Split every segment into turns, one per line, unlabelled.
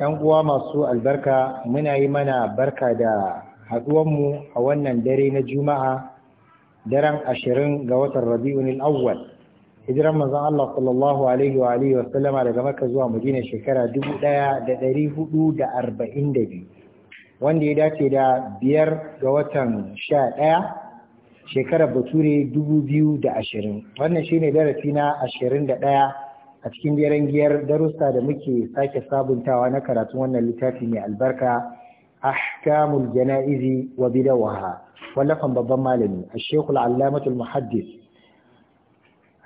'yan uwa masu albarka muna yi mana barka da haɗuwanmu a wannan dare na juma'a daren ashirin ga watan rabi'un awwal hijiran manzon Allah sallallahu alaihi wa alihi wa sallama daga Makka zuwa Madina shekara 1442 wanda ya dace da biyar ga watan ɗaya shekarar Bature 2020 wannan shine darasi na 21 a cikin daren giyar darussa da muke sake sabuntawa na karatun wannan littafi mai albarka ahkamul jana'izi wa bidawaha wallafan babban malami ashekul allamatul muhaddis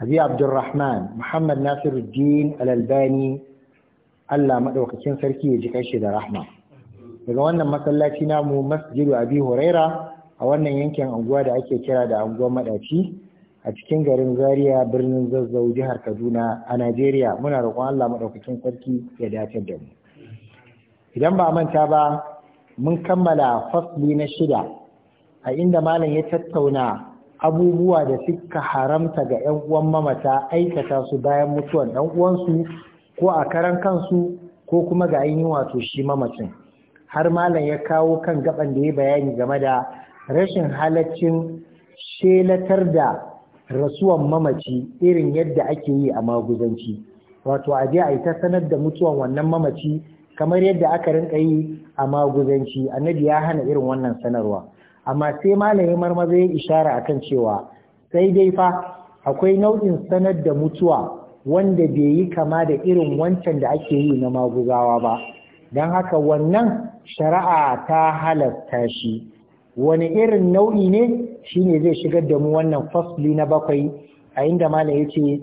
abi abdurrahman muhammad nasiruddin al'albani allah maɗaukakin sarki ya ji kashi da rahma daga wannan masallaci namu masjidu abi huraira a wannan yankin anguwa da ake kira da unguwar madaci a cikin garin Zaria birnin Zazzau jihar Kaduna a Najeriya muna roƙon Allah madaukakin sarki ya dace da mu idan ba manta ba mun kammala fasli na shida a inda malam ya tattauna abubuwa da suka haramta ga 'yan uwan mamata aikata su bayan mutuwan ɗan uwansu ko a karan kansu ko kuma ga ainihin wato shi mamacin har malam ya kawo kan gaban da ya bayani game da rashin halaccin shelatar da rasuwan mamaci irin yadda ake yi a maguzanci wato a je a yi ta sanar da mutuwan wannan mamaci kamar yadda aka rinka yi a maguzanci annabi ya hana irin wannan sanarwa amma sai malamin marmaza ya ishara a kan cewa sai dai fa akwai nau'in sanar da mutuwa wanda bai yi kama da irin wancan da ake yi na maguzawa ba don haka wannan shari'a ta halatta shi wani irin nau'i ne shine zai shigar da mu wannan fasli na bakwai a inda malam yace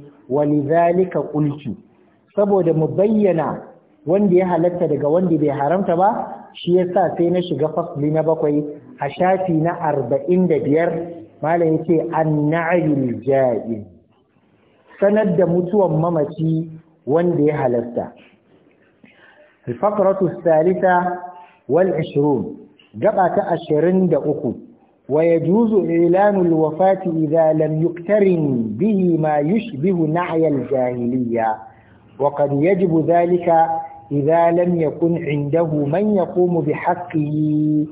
zalika qultu saboda mu bayyana wanda ya halatta daga wanda bai haramta ba shi yasa sai na shiga fasli na bakwai a shafi na arba'in da biyar malam yace anna'il ja'iz sanar da mutuwan mamaci wanda ya halatta الفقرة الثالثة والعشرون gaba ta ashirin da uku wa ya juzu ilanul wafati idza lam yuktarin bihi ma yushbihu na'yal jahiliya wa qad yajibu dhalika idza lam yakun indahu man yaqumu bi haqqihi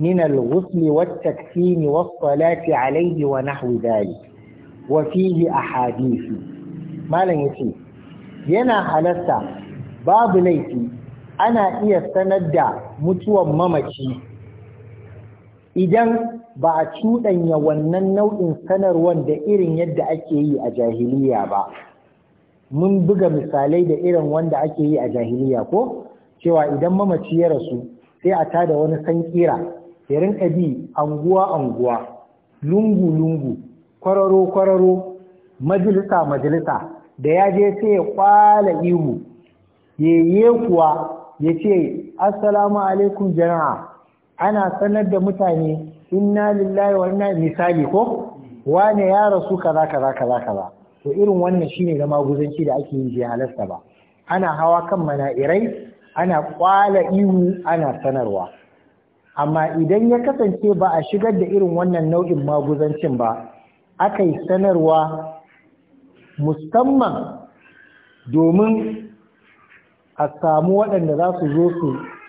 من الغسل alayhi wa عليه ونحو wa fihi ahadith malan yace yana ينا babu laifi ana iya sanar da mutuwan mamaci idan ba a cuɗanya wannan nau'in sanarwar da irin yadda ake yi a jahiliya ba mun buga misalai da irin wanda ake yi a jahiliya ko cewa idan mamaci ya rasu sai a tada wani sankira ya rinka bi anguwa anguwa lungu lungu kwararo kwararo majalisa majalisa da ya je sai ya kwala ihu ya yi kuwa ya ce assalamu alaikum jama'a ana sanar da mutane inna lillahi wa inna misali ko wane ya rasu kaza kaza kaza kaza to irin wannan shine da maguzanci da ake yi bai halasta ba ana hawa kan mana'irai ana kwala ihu ana sanarwa amma idan ya kasance ba a shigar da irin wannan nau'in maguzancin ba aka yi sanarwa musamman domin a samu waɗanda za su zo su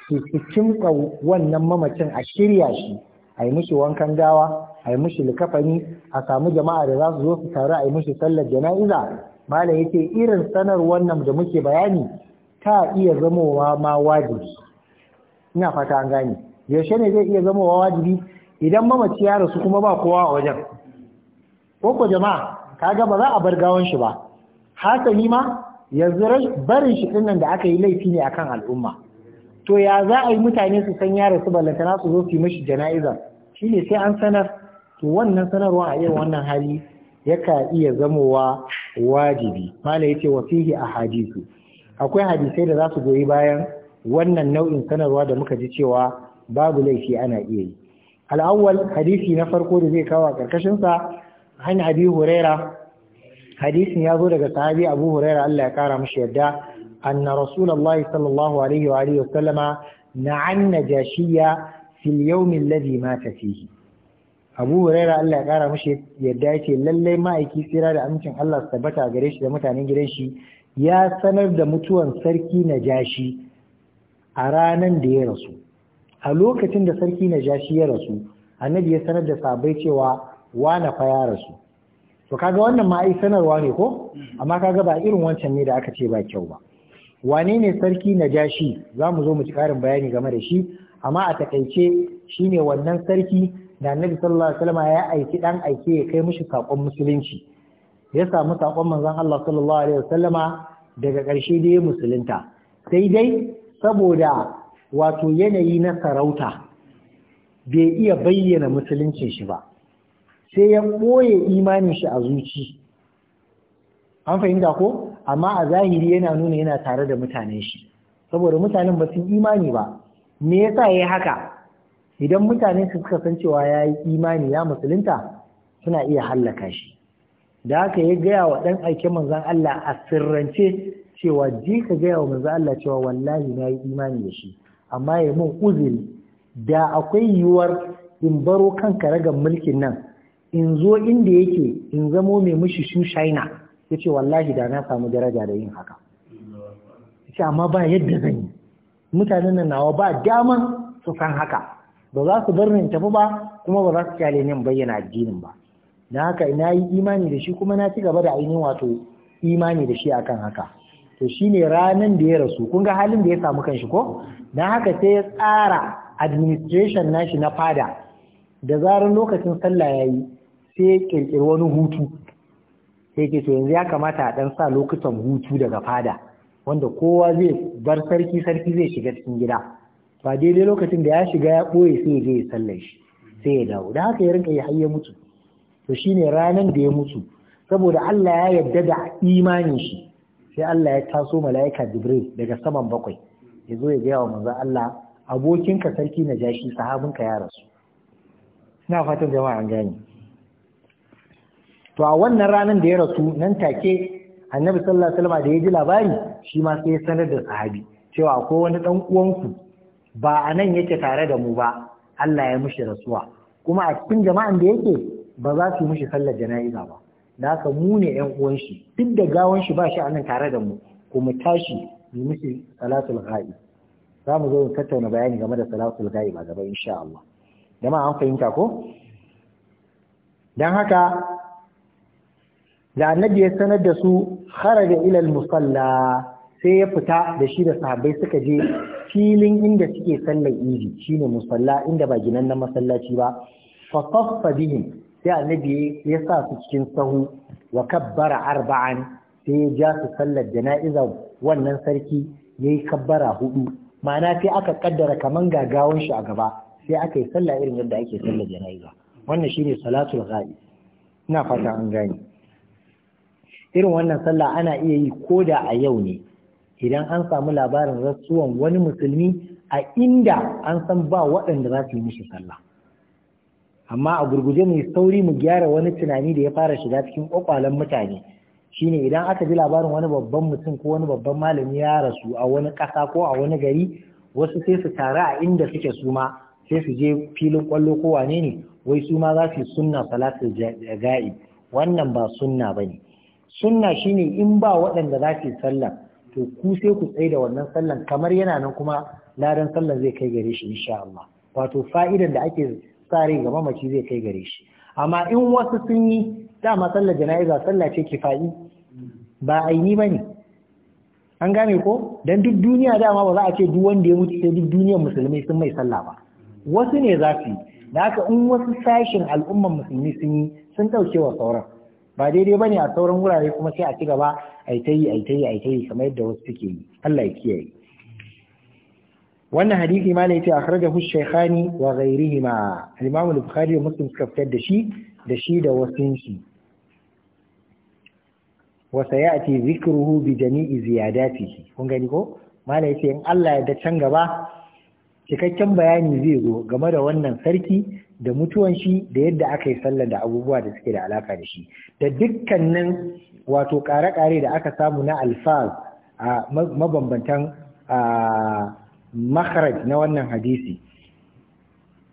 su kimka wannan mamacin a shirya shi a yi mishi wankan gawa a yi mishi likafani a samu jama'a da za su zo su taru a yi mishi sallar jana'iza malam yace irin sanar wannan da muke bayani ta iya zamowa ma wajibi ina fata an gane yaushe ne zai iya zamowa wajibi idan mamaci ya rasu kuma ba kowa a wajen Koko jama'a kaga ba za a bar gawan shi ba hasali ma yanzu barin shi nan da aka yi laifi ne akan al'umma to ya za a yi mutane su san ya rasu ballantana su zo su yi mashi jana'iza ne sai an sanar to wannan sanarwa a irin wannan hali ya ka iya zamowa wajibi mala ce wasihi a Hadisu. akwai hadisai da za su goyi bayan wannan nau'in sanarwa da muka ji cewa babu laifi ana iya yi al'awwal hadisi na farko da zai kawo a ƙarƙashin sa hani abi huraira hadisin ya zo daga sahabi abu huraira Allah ya kara mashi yadda أن رسول الله صلى الله عليه وآله وسلم نعى النجاشية في اليوم الذي مات فيه Abu Huraira Allah ya kara mashi yadda yake lallai ma'aiki tsira da amincin Allah su tabbata gare shi da mutanen gidan shi ya sanar da mutuwan sarki jashi a ranan da ya rasu. A lokacin da sarki Najashi ya rasu, annabi ya sanar da sabai cewa na fa ya rasu. To kaga wannan ma ai sanarwa ne ko? Amma kaga ba irin wancan ne da aka ce ba kyau ba. wane ne sarki najashi za mu zo mu ci ƙarin bayani game da shi amma a takaice shi ne wannan sarki da annabi sallallahu alaihi wasallam ya aiki dan aike ya kai mishi sakon musulunci ya samu sakon manzon Allah sallallahu alaihi wasallama daga ƙarshe dai musulunta sai dai saboda wato yanayi na sarauta bai iya bayyana musuluncin shi ba sai ya ɓoye imanin shi a zuci an fahimta ko amma a zahiri yana nuna yana tare da mutanen shi saboda mutanen ba sun imani ba me yasa yayi haka idan mutane su suka san cewa ya yi imani ya musulunta suna iya hallaka shi da haka ya gaya wa ɗan aikin manzan Allah a sirrance cewa ji ka gaya wa manzan Allah cewa wallahi na yi imani da shi amma ya mun uzuri da akwai yiwuwar in baro kan karagar mulkin nan in zo inda yake in zamo mai mushi shushaina ya ce wallahi da na samu daraja da yin haka ya ce amma ba yadda zan yi mutanen nan nawa ba daman su san haka ba za su bar ni tafi ba kuma ba za su kyale nan bayyana addinin ba na haka ina yi imani da shi kuma na ci gaba da ainihin wato imani da shi akan haka to ne ranan da ya rasu kun ga halin da ya samu kanshi ko na haka sai ya tsara administration nashi na fada da zarar lokacin sallah yayi sai ya kirkiri wani hutu sai ke to yanzu ya kamata a ɗan sa lokutan hutu daga fada wanda kowa zai bar sarki sarki zai shiga cikin gida ba daidai lokacin da ya shiga ya ɓoye sai ya je ya sallar shi sai ya dawo da haka ya rinka ya hayya mutu to shine ranar da ya mutu saboda Allah ya yarda da imanin shi sai Allah ya taso mala'ika Jibril daga saman bakwai ya zo ya gaya wa manzo Allah abokinka sarki na jashi sahabinka ya rasu ina fatan jama'a an gane to a wannan ranar da ya rasu nan take annabi sallallahu alaihi wasallam da ya ji labari shi ma sai ya sanar da sahabi cewa ko wani dan uwanku ba a nan yake tare da mu ba Allah ya mushi rasuwa kuma a cikin jama'an da yake ba za su mushi sallar jana'iza ba da haka mu ne yan uwan shi duk da gawan shi ba shi anan tare da mu kuma tashi mu mushi salatul ghaib za mu zo mu tattauna bayani game da salatul ghaib a gaba insha Allah jama'a an fahimta ko dan haka da annabi ya sanar da su kharaja ila musalla sai ya fita da shi da sahabbai suka je filin inda suke sallar idi shine musalla inda ba ginan na masallaci ba fa saffa bihim sai annabi ya sa su cikin sahu wa kabbara arba'an sai ya ja su sallar jana'iza wannan sarki yayi kabbara hudu ma'ana sai aka kaddara kaman gagawun shi a gaba sai aka yi sallah irin yadda ake sallar jana'iza wannan shine salatul ghaib ina fata an gane irin wannan sallah ana iya yi ko da a yau ne idan an samu labarin rasuwan wani musulmi a inda an san ba waɗanda za su yi mishi sallah amma a gurguje yi sauri mu gyara wani tunani da ya fara shiga cikin kwakwalen mutane shine idan aka ji labarin wani babban mutum ko wani babban malami ya rasu a wani ƙasa ko a wani gari wasu sai su taru a inda suke suma sai su je filin kwallo ko wane ne wai suma ma za su yi sunna salatul ga'i wannan ba sunna bane sunna shine in ba waɗanda za su yi sallah to ku sai ku tsaye da wannan sallan kamar yana nan kuma ladan sallan zai kai gare shi insha Allah wato fa'idan da ake tsare ga mamaci zai kai gare shi amma in wasu sun yi dama sallar jana'iza sallah ce kifa'i ba aini bane an gane ko dan duk duniya dama ba za a ce duk wanda ya mutu sai duk duniyar musulmai sun mai sallah ba wasu ne za su yi da haka in wasu sashin al'ummar musulmi sun yi sun ɗauke wa sauran ba daidai ne a sauran wurare kuma sai a ci gaba a ta yi a ta yi a ta yi kamar yadda wasu suke yi Allah ya kiyaye wannan hadisi ma ne yace akhrajahu shaykhani wa ghayrihima al-imam al-bukhari wa muslim suka fitar da shi da shi da wasu shi wa sayati dhikruhu bi jami'i ziyadatihi kun gani ko mala yace in Allah ya da can gaba cikakken bayani zai zo game da wannan sarki da mutuwan shi da yadda aka yi sallar da abubuwa da suke da alaka da shi da dukkanin wato kare-kare da aka samu na alfaz a mabambantan makharaj na wannan hadisi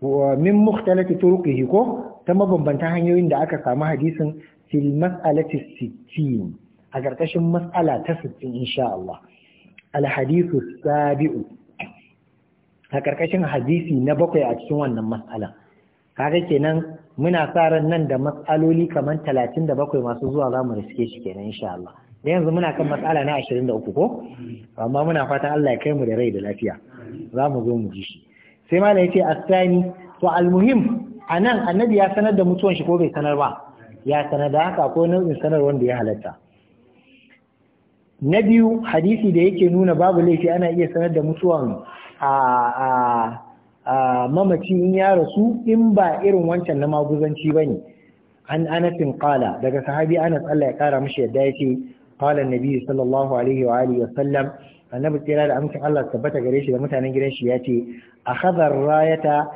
min mukhtalati turuqihi ko ta mabambantan hanyoyin da aka samu hadisin fil mas'alati 60 a karkashin mas'ala ta sittin insha Allah al sabi'u a karkashin hadisi na bakwai a cikin wannan mas'alan kaga kenan muna sa ran nan da matsaloli kamar talatin da bakwai masu zuwa za mu riske shi kenan insha Allah da yanzu muna kan matsala na ashirin da uku ko amma muna fatan Allah ya kai mu da rai da lafiya za mu zo mu ji shi sai malam yace asani to almuhim anan annabi ya sanar da mutuwan shi ko bai sanar ba ya sanar da haka ko nau'in sanar wanda ya halatta na biyu hadisi da yake nuna babu laifi ana iya sanar da mutuwan a mamaci in ya rasu in ba irin wancan na maguzanci ba ne an anasin kala daga sahabi anas Allah ya kara mashi yadda ya ce kala nabi sallallahu alaihi wa alihi wasallam annabi tsira da amincin Allah tabbata gare shi da mutanen gidan shi ya ce akhadha rayata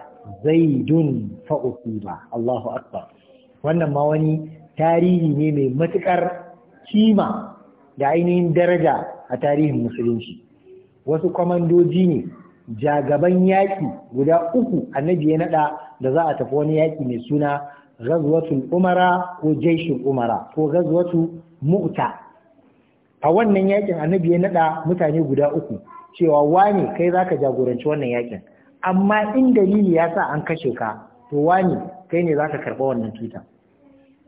zaidun fa usiba Allahu akbar wannan ma wani tarihi ne mai matukar kima da ainihin daraja a tarihin musulunci wasu kwamandoji ne jagaban yaƙi guda uku annabi ya naɗa da za a tafi wani yaƙi mai suna ghazwatul umara ko Jeshin umara ko ghazwatu mu'ta a wannan yaƙin annabi ya naɗa mutane guda uku cewa wane kai za ka jagoranci wannan yaƙin amma in dalili ya sa an kashe ka to wane kai ne za ka karɓa wannan tuta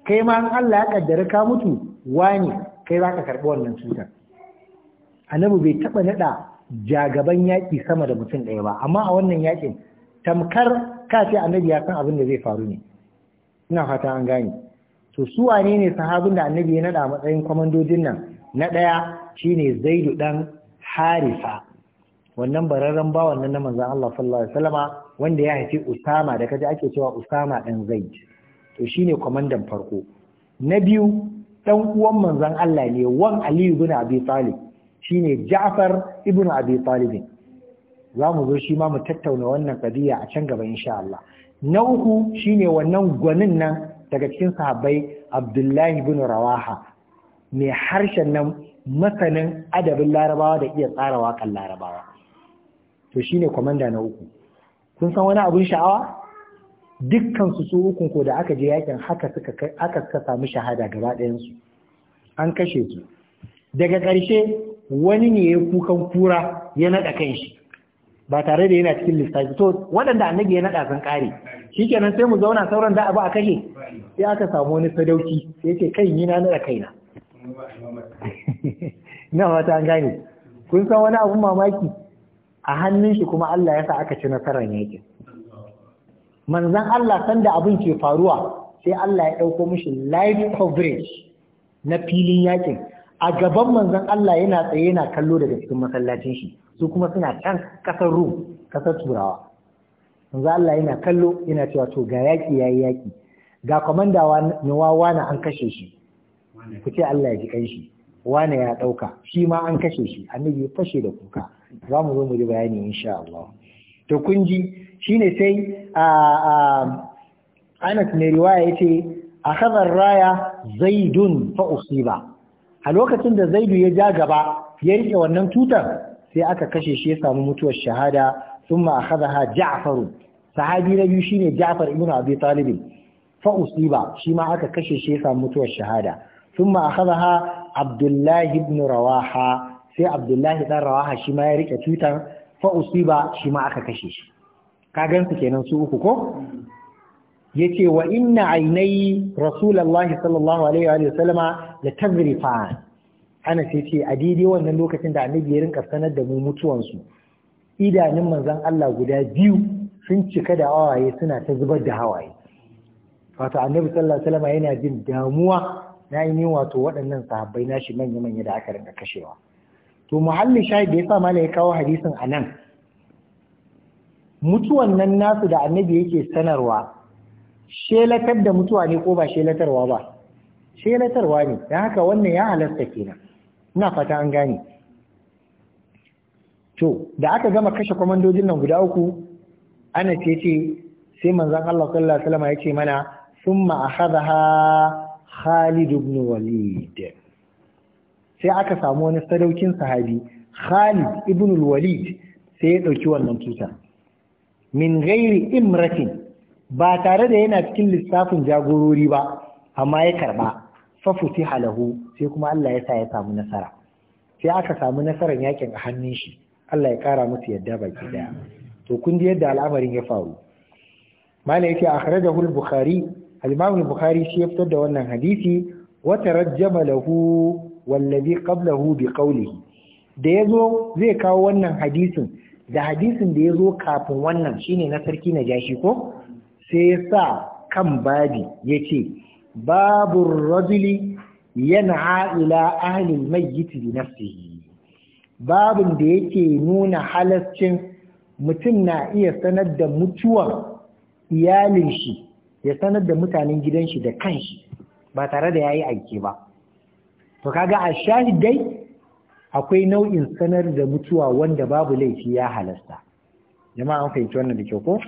kai ma in Allah ya kaddara ka mutu wane kai za ka karɓa wannan tuta annabi bai taɓa naɗa jagaban yaƙi sama da mutum ɗaya ba amma a wannan yaƙin tamkar kace annabi ya san abin da zai faru ne ina fata an gane to su wane ne sahabin da annabi ya nada matsayin komandojin nan na ɗaya shine zaidu ɗan harifa wannan bararren ba wannan na manzon Allah sallallahu alaihi wasallama wanda ya haifi Usama da kaje ake cewa Usama ɗan Zaid to shine kwamandan farko na biyu ɗan uwan manzon Allah ne wan Aliyu ibn Abi Talib shine Ja'far ibn Abi Talib za mu zo shi ma mu tattauna wannan kadiya a can gaba insha Allah na uku shine wannan gwanin nan daga cikin sahabbai Abdullahi ibn Rawaha mai harshen nan masanin adabin larabawa da iya tsara waƙar larabawa to shine komanda na uku kun san wani abun sha'awa dukkan su su ukun ko da aka je yakin haka suka aka samu shahada gaba ɗayan su an kashe su daga ƙarshe wani ne ya kukan kura ya naɗa kan shi ba tare da yana cikin lissafi to waɗanda annabi ya naɗa sun ƙare kenan sai mu zauna sauran da abu a kashe sai aka samu wani sadauki sai yake kai yi na naɗa kaina na mata an gane kun san wani abun mamaki a hannun shi kuma Allah ya sa aka ci nasarar yakin manzon Allah sanda abin ke faruwa sai Allah ya ɗauko mishi live coverage na filin yakin a gaban manzan, Allah yana tsaye yana kallo daga cikin masallacin shi su kuma suna can kasar Rum kasar Turawa manzon Allah yana kallo yana cewa to ga yaki yayi yaki ga komandawa wawa na an kashe shi ku ce Allah ya ji kanshi wane ya dauka shi ma an kashe shi annabi ya fashe da kuka za mu zo mu ji bayani insha Allah to kun ji shine sai a Anas ne riwaya yace akhadha raya zaidun fa usiba a lokacin da zaidu ya ja gaba ya rike wannan tutar sai aka kashe shi ya samu mutuwar shahada thumma akhadha ja'faru sahabi na biyu shine ja'far ibn abi talib fa usiba shi ma aka kashe shi ya samu mutuwar shahada thumma akhadha Abdullahi ibn rawaha sai Abdullahi dan rawaha shi ma ya rike tutar fa usiba shi ma aka kashe shi ka gansu kenan su uku ko yace wa inna ainai rasulullahi sallallahu alaihi wa sallama da la Ana ce ce a daidai wannan lokacin da annabi ya rinka sanar da mu mutuwan su idanun manzon Allah guda biyu sun cika da awaye suna ta zubar da hawaye wato annabi sallallahu alaihi wa yana jin damuwa na yi wato waɗannan sahabbai nashi manya manya da aka rinka kashewa to muhallin shahid da yasa malai ya kawo hadisin anan mutuwan nan nasu da annabi yake sanarwa shelatar da mutuwa ne ko ba shelatarwa ba shelatarwa ne da haka wannan ya halasta kenan ina fata an gane to da aka gama kashe kwamandojin nan guda uku ana ce ce sai manzon Allah sallallahu alaihi wasallam ya ce mana thumma akhadha Khalid ibn Walid sai aka samu wani sadaukin sahabi Khalid ibn Walid sai ya dauki wannan tuta min ghairi imratin ba tare da yana cikin lissafin jagorori ba amma ya karba fafuti halahu sai kuma Allah ya sa ya samu nasara sai aka samu nasarar yakin a hannun shi Allah ya kara musu yadda baki daya to kun ji yadda al'amarin ya faru malai yake akhrajahu al-bukhari al-imam al-bukhari shi ya fitar da wannan hadisi wa tarajjama lahu wallazi qablahu bi qawlihi da yazo zai kawo wannan hadisin da hadisin da yazo kafin wannan shine na sarki na najashi ko sai sa kan babi ya ce babu rajuli yana ila ahlil mayyit na nafsihi babin da yake nuna halascin mutum na iya sanar da mutuwar iyalin shi ya sanar da mutanen gidan shi da kanshi ba tare da yayi aiki ba to kaga a shahidai akwai nau'in sanar da mutuwa wanda babu laifi ya halasta jama'a fahimci wannan da kyau ko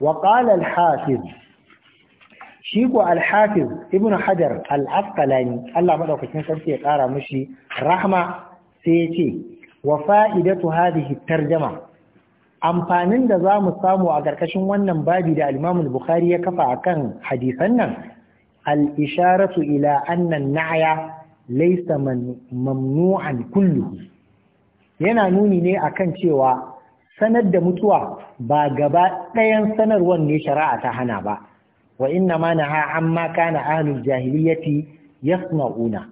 wa qala al-hafiz shi ibn hajar al-asqalani Allah madaukakin sarki ya kara mishi rahma sai ya ce wa fa'idatu hadhihi tarjama amfanin da za mu samu a ƙarƙashin wannan badi da al-Imam bukhari ya kafa a kan hadisan nan al-isharatu ila anna an-na'ya laysa mamnu'an kulluhu yana nuni ne akan cewa sanar da mutuwa ba gaba ɗayan sanarwar ne shari'a ta hana ba wa inna ma an amma kana ahlul jahiliyyati yasma'una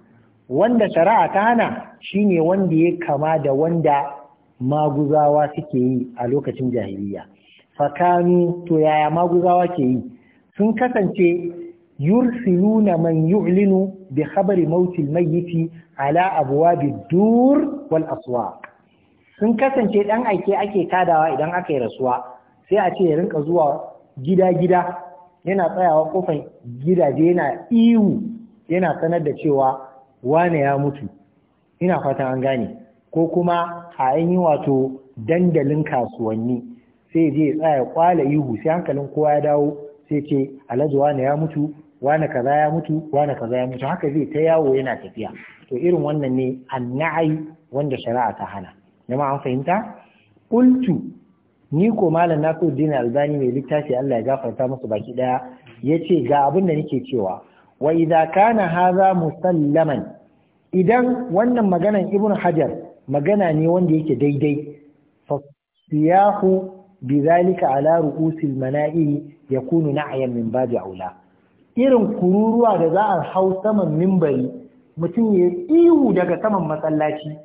wanda shari'a ta hana shine wanda ya kama da wanda maguzawa suke yi a lokacin jahiliya fakanu to yaya maguzawa ke yi sun kasance yursiluna man yu'linu bi khabari mautil mayyiti ala abwabi dur wal aswaq sun kasance ɗan aike ake kadawa idan aka yi rasuwa sai a ce ya rinka zuwa gida-gida yana tsayawa kofar gidaje yana iwu yana sanar da cewa wane ya mutu ina fatan an gane ko kuma a yi wato dandalin kasuwanni sai je tsaya kwala ihu sai hankalin kowa ya dawo sai ce alhaji wane ya mutu wane kaza ya mutu wane kaza ya mutu haka zai ta yawo yana tafiya to irin wannan ne annai wanda shari'a ta hana ma an fahimta Kultu. ni ko malam Nasiruddin Albani mai littafi Allah ya gafarta masu baki daya yace ga abin da nake cewa wa idza kana hadha musallaman idan wannan maganan Ibn Hajar magana ne wanda yake daidai fa siyahu bizalika ala ru'usil mana'i yakunu na'yan min babi aula irin kururuwa da za a hau saman mimbari mutum ya ihu daga saman masallaci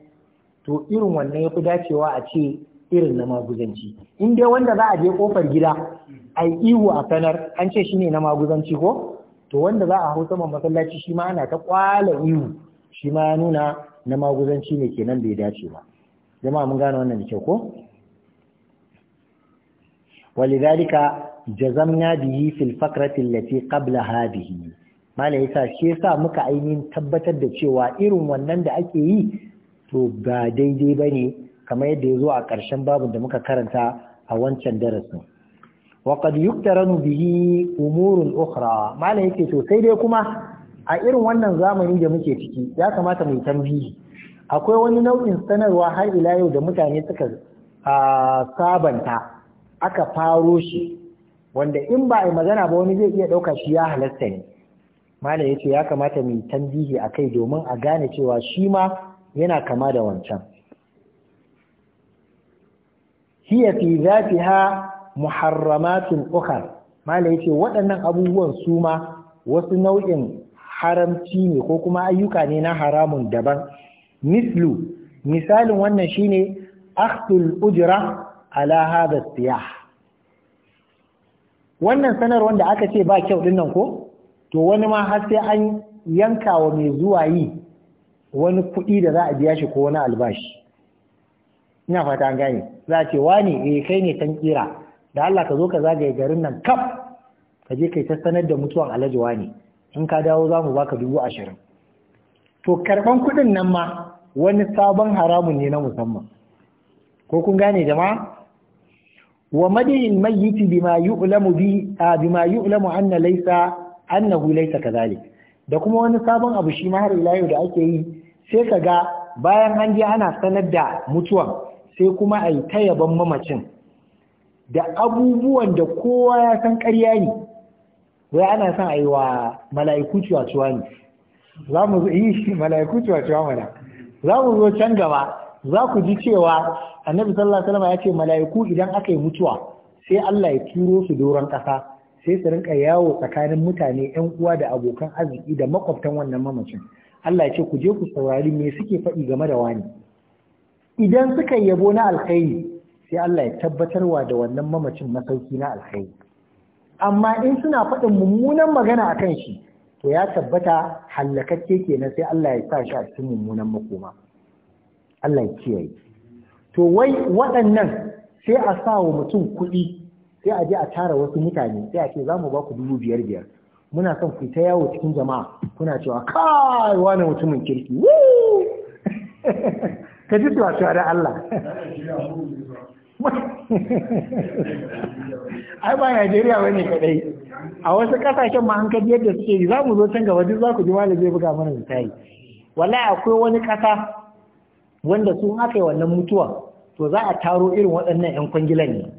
to irin wannan ya fi dacewa a ce irin na maguzanci in dai wanda za a je kofar gida a yi ihu a sanar an ce shi ne na maguzanci ko to wanda za a hau saman masallaci shi ma ana ta kwala ihu shi ma ya nuna na maguzanci ne kenan bai dace ba jama'a mun gane wannan da kyau ko walidhalika jazamna bihi fil fakrati allati qabla hadhihi mala yasa shi yasa muka ainihin tabbatar da cewa irin wannan da ake yi to ba daidai ba ne kamar yadda ya zo a ƙarshen babu da muka karanta a wancan darasin waƙad yuktaranu bihi umurun ukhra malam yake to sai dai kuma a irin wannan zamani da muke ciki ya kamata mu tambihi akwai wani nau'in sanarwa har ila yau da mutane suka sabanta aka faro shi wanda in ba a magana ba wani zai iya ɗauka shi ya halasta ne malam ce ya kamata mu tambihi kai domin a gane cewa shi ma yana kama da wancan hiya fi zatiha muharramatun ukhra mala yace waɗannan abubuwan su ma wasu nau'in haramci ne ko kuma ayyuka ne na haramun daban mislu misalin wannan shine akhdul ujra ala hadha siyah wannan sanarwar da aka ce ba kyau din nan ko to wani ma har sai an yanka wa mai zuwa yi wani kuɗi da za a biya shi ko wani albashi ina fata an gane za a ce wani eh kai ne kan kira da Allah ka zo ka zagaye garin nan kaf ka je kai ta sanar da mutuwan alhaji wani in ka dawo za mu baka dubu ashirin to karɓan kuɗin nan ma wani sabon haramun ne na musamman ko kun gane jama'a wa madihin mayyiti bima yu'lamu bi ah, bima yu'lamu anna laysa annahu laysa kadhalik da kuma wani sabon abu shi ma har ila yau da ake yi sai ka ga bayan an je ana sanar da mutuwan sai kuma a yi ta mamacin da abubuwan da kowa ya san ƙarya ne wai ana son a yi wa mala'iku cuwa ne za mu zo yi mala'iku cuwa mana za mu zo can gaba za ku ji cewa annabi sallallahu alaihi wasallam ya ce mala'iku idan aka yi mutuwa sai Allah ya turo su doron ƙasa sai su rinka yawo tsakanin mutane yan uwa da abokan arziki da makwabtan wannan mamacin Allah ya ce ku je ku saurari me suke faɗi game da wani idan suka yabo na alkhairi sai Allah ya tabbatarwa da wannan mamacin masauki na alkhairi amma in suna faɗin mummunan magana a kan shi to ya tabbata hallakakke kenan sai Allah ya sa shi a cikin mummunan makoma Allah ya kiyaye to wai waɗannan sai a sa wa mutum kuɗi sai a je a tara wasu mutane sai a ce za mu ba ku dubu biyar biyar muna son ku ta yawo cikin jama'a kuna cewa kai wani mutumin kirki ka ji tuwa da Allah ai ba Najeriya ba ne kadai a wasu kasashen ma kaji yadda suke yi za mu zo can gaba duk za ku ji wani zai buga mana misali wallahi akwai wani kasa wanda sun aka yi wannan mutuwa to za a taro irin waɗannan 'yan kwangilan ne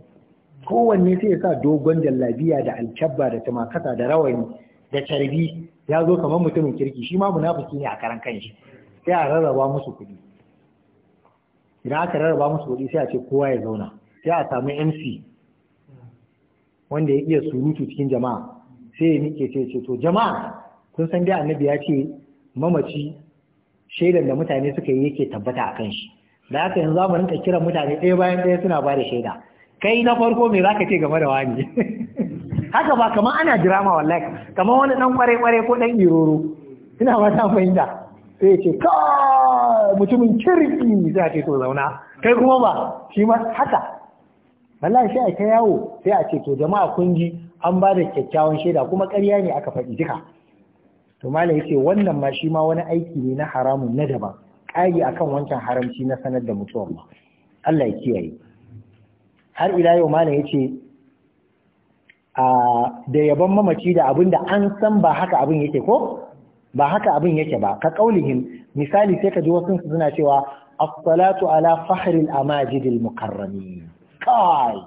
kowanne sai ya sa dogon jallabiya da alkyabba da tumakasa da rawani da carbi ya zo kamar mutumin kirki shi ma munafiki ne a karan kanshi sai a rarraba musu kuɗi idan aka rarraba musu kuɗi sai a ce kowa ya zauna sai a samu MC wanda ya iya surutu cikin jama'a sai ya nike sai ce to jama'a kun san dai annabi ya ce mamaci shaidan da mutane suka yi yake tabbata a kan shi da haka yanzu zamanin ka kira kiran mutane ɗaya bayan ɗaya suna ba da shaida kai na farko me zaka ce game da wani haka ba kamar ana drama wallahi kamar wani dan kware kware ko dan iroro ina ba ta fahimta sai ya ce ka mutumin kirki za ce to zauna kai kuma ba shi ma haka wallahi sai a ta yawo sai a ce to jama'a kun ji an ba da kyakkyawan shaida kuma ƙarya ne aka faɗi duka to malam yace wannan ma shi ma wani aiki ne na haramun na daban ƙari akan wancan haramci na sanar da mutuwar ma Allah ya kiyaye har ila yau malam yace a da yaban mamaci da abin da an san ba haka abin yake ko ba haka abin yake ba ka kaulihin misali sai ka ji wasu suna cewa as-salatu ala fahril amajidil mukarramin kai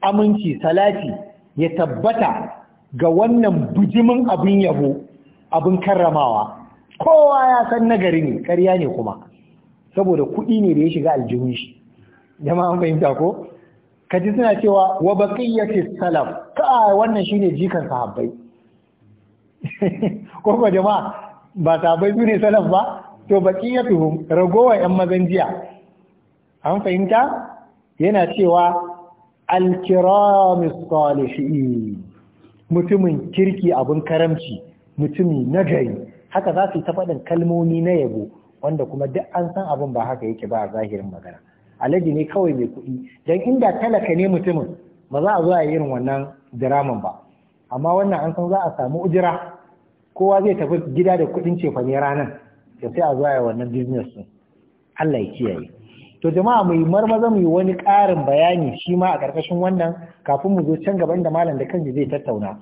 aminci salati ya tabbata ga wannan bijimin abin yabo abin karramawa kowa ya san nagari ne karya ne kuma saboda kuɗi ne da ya shiga aljihun shi jama'a an fahimta ko kaji suna cewa wa baqiyati salaf ka wannan shine jikan sahabbai ko ko jama'a ba sahabbai su salaf ba to baqiyatuhum ragowa yan mazan an fahimta yana cewa al-kiramis salihin mutumin kirki abun karamci mutumi nagari haka za su yi ta faɗin kalmomi na yabo wanda kuma duk an san abin ba haka yake ba a zahirin magana alhaji ne kawai mai kuɗi dan inda talaka ne mutumin ba za a zo a yi irin wannan diraman ba amma wannan an san za a samu ujira kowa zai tafi gida da kuɗin ne ranar da sai a zo a yi wannan business din Allah ya kiyaye to jama'a mu yi marmaza mu yi wani ƙarin bayani shi ma a ƙarƙashin wannan kafin mu zo can gaban da malam da kanji zai tattauna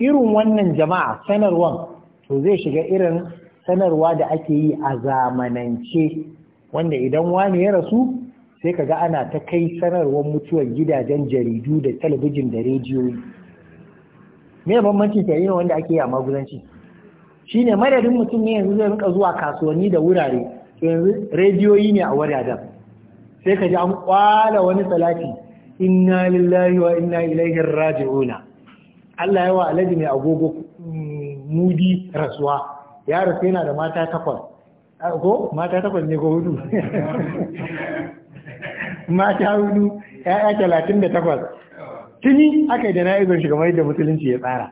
irin wannan jama'a sanarwan to zai shiga irin sanarwa da ake yi a zamanance wanda idan wani ya rasu sai ka ga ana ta kai sanarwar mutuwar gidajen jaridu da talabijin da rediyoyi me bambanci ta irin wanda ake yi a maguzanci shine madadin mutum ne yanzu zai rinka zuwa kasuwanni da wurare yanzu rediyoyi ne a wuraren. sai ka ji an kwala wani salati inna lillahi wa inna ilaihi raji'una Allah yawa alaji mai agogo mm, mudi rasuwa ya rasu yana da mata takwas ko mata takwas ne ko hudu mata hudu ya'ya talatin da takwas tuni aka yi da na'izar shi kamar yadda musulunci ya tsara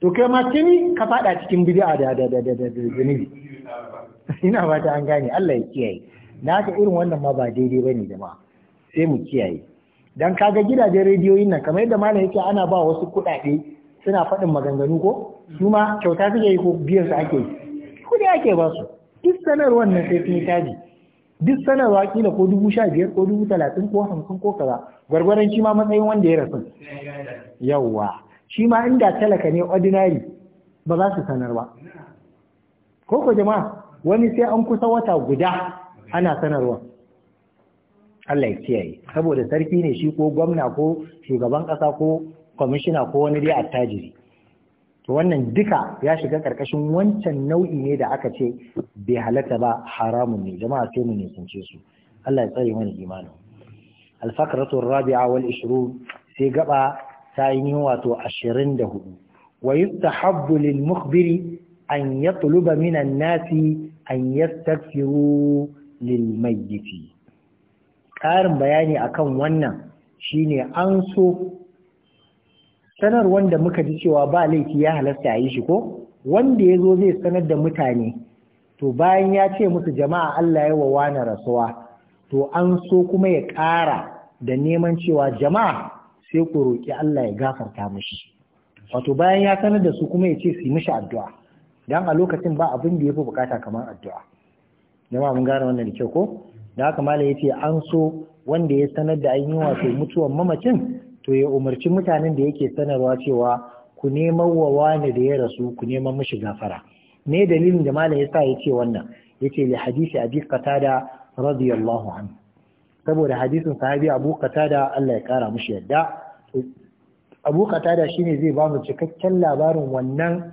to kai ma tuni ka fada cikin bid'a da da da da da zunubi ina ta an gane Allah ya kiyaye na haka irin wannan ma ba daidai bane ma sai mu kiyaye dan kaga gidajen rediyoyin nan kamar yadda malam yake ana ba wasu kuɗaɗe suna faɗin maganganu ko su ma kyauta suke yi ko biyan su ake yi kuɗi ake ba su duk sanarwar nan sai sun yi taji duk sanarwa kila ko dubu sha biyar ko dubu talatin ko hamsin ko kaza gwargwaron shi ma matsayin wanda ya rasu yawwa shi ma inda talaka ne ordinary ba za su sanar ba ko ko jama'a wani sai an kusa wata guda ana sanarwa Allah ya kiyaye saboda sarki ne shi ko gwamna ko shugaban kasa ko kwamishina ko wani dai attajiri wannan duka ya shiga karkashin wancan nau'i ne da aka ce bai halatta ba haramun ne jama'a sai mu nisance su Allah ya tsare mana imanin al-fakratu ar-rabi'a wal 20 sai gaba ta yi wato 24 wa yustahabbu lil mukhbiri an yatluba min an-nasi an yastaghfiru lil mayyiti ƙarin bayani akan wannan shine an so sanar wanda muka ji cewa ba laifi ya halasta a yi shi ko wanda ya zo zai sanar da mutane to bayan ya ce musu jama'a Allah ya wawa na rasuwa to an so kuma ya ƙara da neman cewa jama'a sai ku roƙi Allah ya gafarta mushi, wato bayan ya sanar da su kuma ya ce su yi mishi addu'a dan a lokacin ba abin da ya fi bukata kamar addu'a jama'a mun gane wannan da kyau ko da haka malai ya ce an so wanda ya sanar da yi wato mutuwar mamacin to ya umarci mutanen da yake sanarwa cewa ku neman wa wani da ya rasu ku neman mashi gafara ne dalilin da malam yasa ya ce wannan yace li hadisi abi qatada radiyallahu anhu saboda hadisin sahabi abu qatada Allah ya kara mishi yadda abu qatada shine zai ba mu cikakken labarin wannan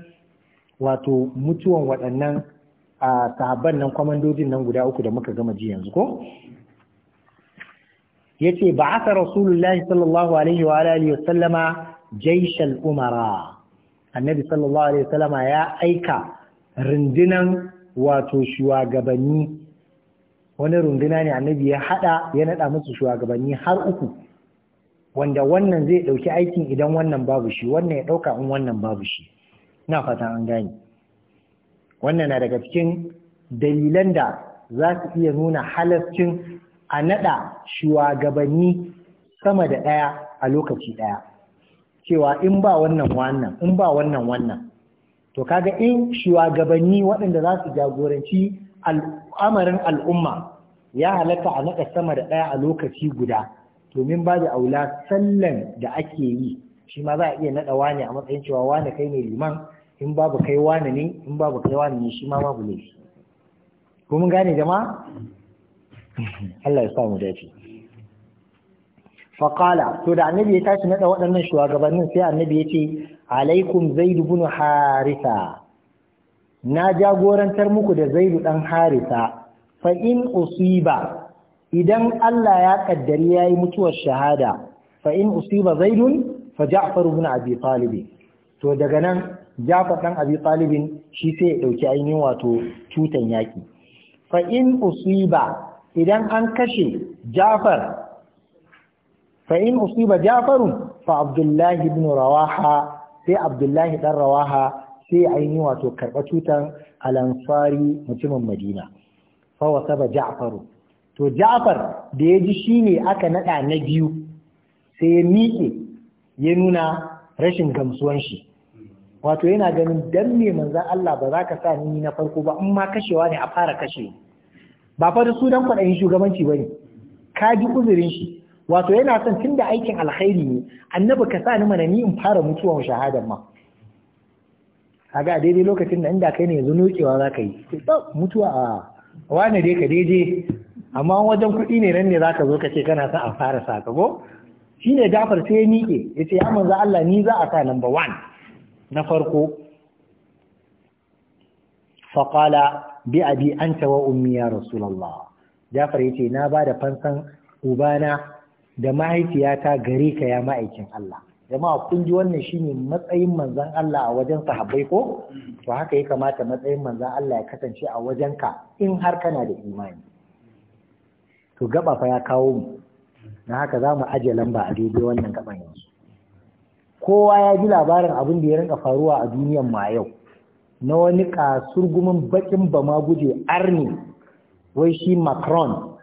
wato mutuwan waɗannan a sahabban nan kwamandojin nan guda uku da muka gama ji yanzu ko yace ba'atha rasulullahi sallallahu alaihi wa alihi wasallama jaishal umara annabi sallallahu alaihi wasallama ya aika rundunan wato shugabanni wani runduna ne annabi ya hada ya nada musu shugabanni har uku wanda wannan zai dauki aikin idan wannan babu shi wannan ya dauka in wannan babu shi ina fatan an gane wannan na daga cikin dalilan da za su iya nuna halaccin a naɗa shugabanni sama da ɗaya a lokaci ɗaya cewa in ba wannan wannan in ba wannan wannan to kaga in shugabanni waɗanda za su jagoranci al'amarin al'umma ya halatta a naɗa sama da ɗaya a lokaci guda domin ba da aula sallan da ake yi shi ma za a iya naɗa wane a matsayin cewa wane kai ne liman in babu kai wane ne in babu kai wane ne shi ma babu laifi ko mun gane jama'a Allah ya samu dace faƙala to da annabi ya tashi naɗa waɗannan shugabannin sai annabi ya ce alaikum zaidu bin harisa na jagorantar muku da zaidu ɗan harisa fa in usiba idan Allah ya ƙaddari ya yi mutuwar shahada fa in usiba zaidun fa Faru bin abi talib to daga nan ja'far ɗan abi talibin shi sai ya ɗauki ainihin wato tutan yaƙi fa usiba idan an kashe Jafar fain usiba Jafaru fa Abdullahi ibn Rawaha sai Abdullahi dan Rawaha sai ainihin wato karɓa cutar alamfari mutumin Madina fa wasaba Ja'faru to Ja'far da ya ji shi ne aka naɗa na biyu sai ya miƙe ya nuna rashin gamsuwan shi wato yana ganin dan me manzon Allah ba za ka sa ni na farko ba amma ma kashewa ne a fara kashe ba fa da su dan kwaɗayin shugabanci ne. ka ji uzurin shi wato yana son tun da aikin alkhairi ne annabi ka sa ni mana ni in fara mutuwan shahadar ma a ga daidai lokacin da inda kai ne yanzu nokewa za ka yi mutuwa a wane dai ka daidai amma wajen kuɗi ne nan ne za ka zo ka ce kana son a fara sakago shi ne jafar sai ya miƙe ya ce ya manzo Allah ni za a sa number one na farko faƙala bi abi anta wa ummi ya rasulullah Jafar yace na ba da fansan ubana da mahaifiyata gare ka ya ma'aikin Allah jama'a kun ji wannan shine matsayin manzon Allah a wajen sahabbai ko to haka ya kamata matsayin manzon Allah ya kasance a wajen ka in har kana da imani to gaba fa ya kawo mu na haka zamu mu aje lamba a dubi wannan gaban yanzu kowa ya ji labarin abin da ya rinka faruwa a duniyar ma yau na wani gumin bakin ba ma guje arni wai shi macron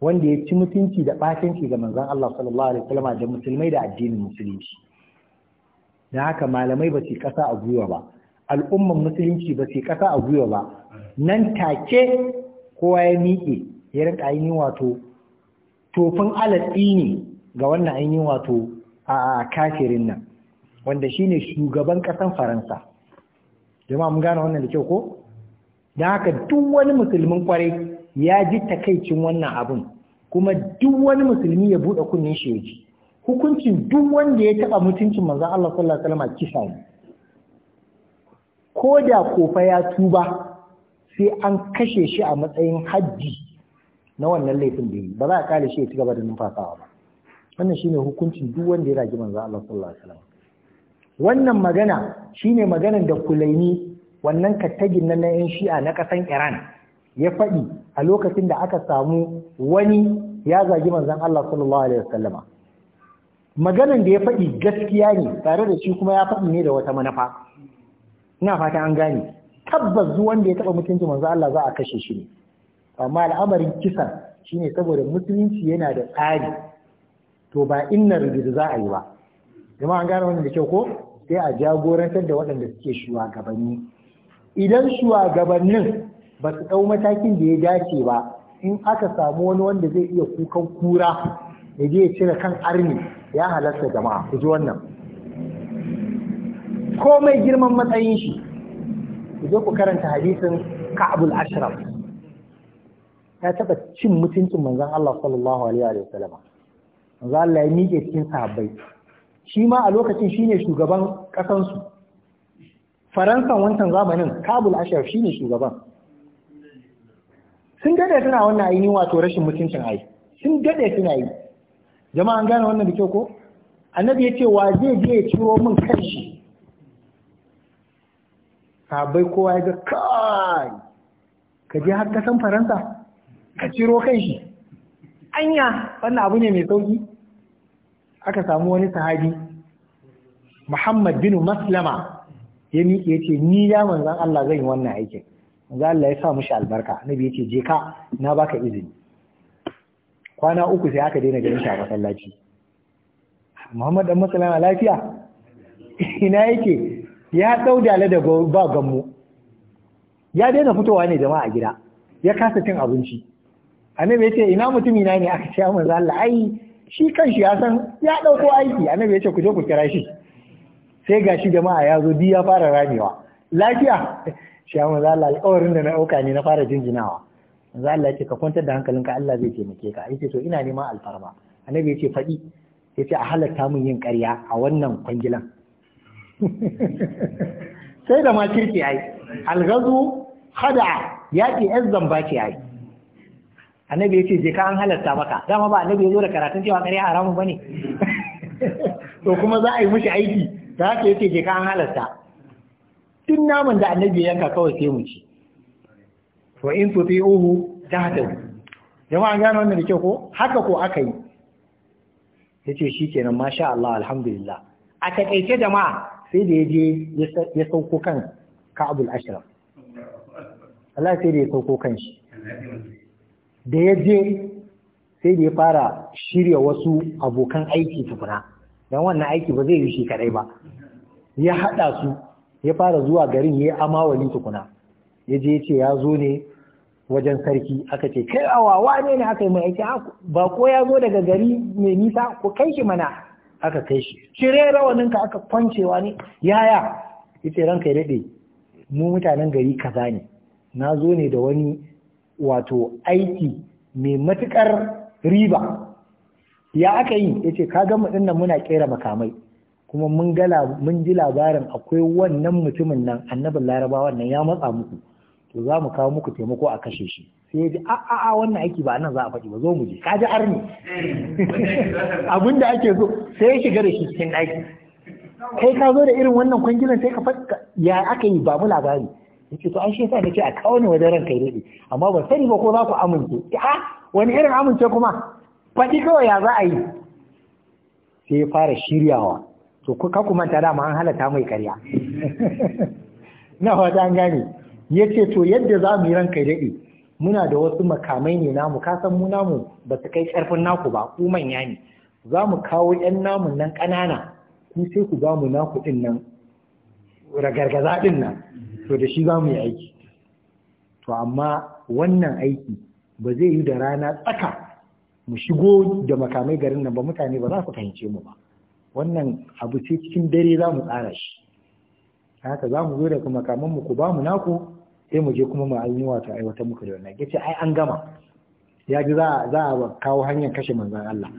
wanda ya ci mutunci da bakinci ga manzan Allah sallallahu alaihi wasallam da musulmai da addinin musulunci da haka malamai ba su kasa a gwiwa ba al'umman musulunci ba su kasa a gwiwa ba nan take kowa ya miƙe ya rinka ainihin wato tofin alaɗi ne ga wannan ainihin wato a kafirin nan wanda shine shugaban ƙasan faransa jama'a mun gane wannan da kyau ko da haka duk wani musulmin kwarai ya ji takaicin wannan abun kuma duk wani musulmi ya buɗe kunnen shi ya ji hukuncin duk wanda ya taɓa mutuncin manzon Allah sallallahu alaihi wasallam kisa ne ko da kofa ya tuba sai an kashe shi a matsayin hajji na wannan laifin da yi ba za a kare shi ya ci gaba da numfasawa ba wannan shine hukuncin duk wanda ya ragi manzon Allah sallallahu alaihi wasallam wannan magana shine maganan da kulaini wannan kattagin na yan shi'a na kasan iran ya faɗi a lokacin da aka samu wani ya zagi manzon Allah sallallahu alaihi wasallama maganan da ya faɗi gaskiya ne tare da shi kuma ya faɗi ne da wata manufa ina fata an gane tabbas duk wanda ya taɓa mutunci manzo Allah za a kashe shi ne amma al'amarin kisan shine saboda musulunci yana da tsari to ba inna rigid za a yi ba jama'a an gane wannan da kyau ko sai a jagorantar da waɗanda suke shugabanni idan shugabannin ba su ɗau matakin da ya dace ba in aka samu wani wanda zai iya kukan kura ya je ya cire kan arni ya halarta jama'a ku ji wannan mai girman matsayin shi ku je ku karanta hadisin ka'abul ashraf ya taɓa cin mutuncin manzon Allah sallallahu alaihi wa sallama manzon Allah ya miƙe cikin sahabbai shi ma a lokacin shine shugaban ƙasansu faransan wancan zamanin kabul ashar shine shugaban sun daɗe suna wannan ainihin wato rashin mutuncin ai sun daɗe suna yi jama'a an gane wannan da kyau ko annabi ya ce wa zai je ya ciro min kanshi sabai kowa ya ga kai ka je har kasan faransa ka ciro kanshi anya wannan abu ne mai sauki aka samu wani sahabi Muhammad bin Maslama ya miƙe ya ce ni ya manzan Allah zan yi wannan aikin manzan Allah ya sa mushi albarka nabi ya ce je ka na baka izini kwana uku sai aka daina ganin shi a masallaci Muhammad dan Maslama lafiya ina yake ya dau dale da ba gammu ya daina fitowa ne jama'a a gida ya kasa cin abinci annabi ya ce ina mutumi na ne aka ce manzan Allah ai shi kan shi ya san ya ɗauko aiki annabi ya ce ku je ku kira shi sai ga shi jama'a ya zo ya fara ramewa lafiya shi ya maza Allah alƙawarin da na ɗauka ne na fara jinjinawa maza Allah ya ka kwantar da hankalinka Allah zai taimake ka ce to ina neman alfarma annabi ya ce faɗi ya ce a halatta mun yin ƙarya a wannan kwangilan sai da ma kirki ai algazu hada yaƙi yan zamba ai annabi ya ce je ka an halarta maka dama ba annabi ya zo da karatun cewa kare haramun bane to kuma za a yi mushi aiki da haka ya ce je ka an halarta tun naman da annabi ya yanka kawai sai mu ci to in tuti'uhu tahtau jama'a gano wannan da kyau ko haka ko aka yi yace kenan masha Allah alhamdulillah a takaice jama'a sai da yaje ya sauko kan Ka'abul Ashraf Allah sai da ya sauko kan shi da ya je sai da ya fara shirya wasu abokan aiki tukuna don wannan aiki ba zai yi shi kadai ba ya haɗa su ya fara zuwa garin ya yi amawali tukuna ya je ce ya zo ne wajen sarki aka ce kai awawa ne ne aka yi mai aiki ah, ba ko ya zo daga gari mai nisa ko kai shi mana aka kai shi cire rawaninka aka kwancewa ne yaya ita ranka ya daɗe mu mutanen gari kaza ne na zo ne da wani wato aiki mai matukar riba ya aka yi ya ce kaga mu dinnan muna kera makamai kuma mun gala mun ji labarin akwai wannan mutumin nan annabin Laraba, wannan ya matsa muku to za mu kawo muku taimako a kashe shi sai ya ji a a a wannan aiki ba nan za a faɗi ba zo mu je ka ji arni abin da ake so sai ya shiga da shi cikin aiki kai ka zo da irin wannan kwangilan sai ka faɗi ya aka yi ba mu labari yake to an shi yasa nake a kawo ni wajen ranka dai amma ban sani ba ko za ku amince a ah, wani irin amince kuma faɗi kawai ya za a yi sai ya fara shiryawa to ka kuma ta dama an halatta mai karya na wata an gane yace to yadda za mu yi ranka dai muna da wasu makamai ne namu ka san mu namu ba su kai karfin naku ba ku manya ne za mu kawo 'yan namun nan ƙanana ku sai ku ba mu naku ɗin nan ragargaza ɗin nan to da shi za mu yi aiki to amma wannan aiki ba zai yi da rana tsaka mu shigo da makamai garin nan ba mutane ba za su fahimce mu ba wannan abu sai cikin dare za mu tsara shi haka za mu zo da makaman mu ku ba mu naku sai mu je kuma mu ainihin wato aiwatar muka da wannan ya ce ai an gama ya ji za a kawo hanyar kashe manzan Allah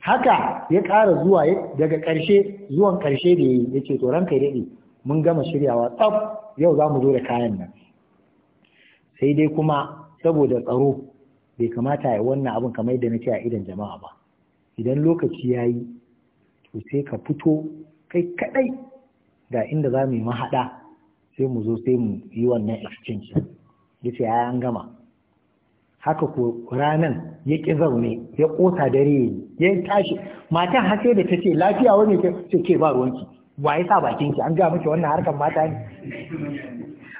haka ya ƙara zuwa daga ƙarshe zuwan ƙarshe da yi ya ce tsoron ya daɗe, mun gama shiryawa tsaf yau za mu zo da kayan nan sai dai kuma saboda tsaro bai kamata ya wannan abin kamar yadda na ce a idan jama'a ba idan lokaci ya yi, to sai ka fito kai kaɗai, ga inda za mu yi mahaɗa sai mu zo sai mu yi wannan exchange ce ya an gama haka ko ranan ya ƙi zaune ya ƙosa dare ya tashi matan har da ta ce lafiya wani ce ke ba ruwanki wa ya sa bakin ki an ga miki wannan harkar mata ne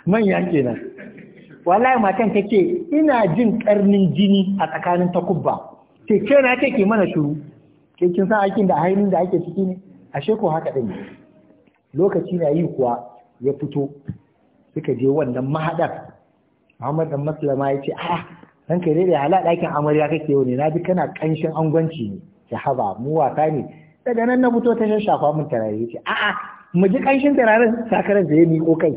manyan kenan wallahi matan ta ce ina jin karnin jini a tsakanin takubba ce ke na ce ke mana shuru ke kin san aikin da hainin da ake ciki ne ashe ko haka din lokaci na yi kuwa ya fito suka je wannan mahaɗar. Muhammad dan Maslama ya ce a'a. san kai dai hala ɗakin amarya kake yau ne na bi kana ƙanshin angwanci ne ki haba mu wasa ne daga nan na fito ta shashafa mun tarayi ce a'a mu ji ƙanshin tararin sakaran da ya miƙo kai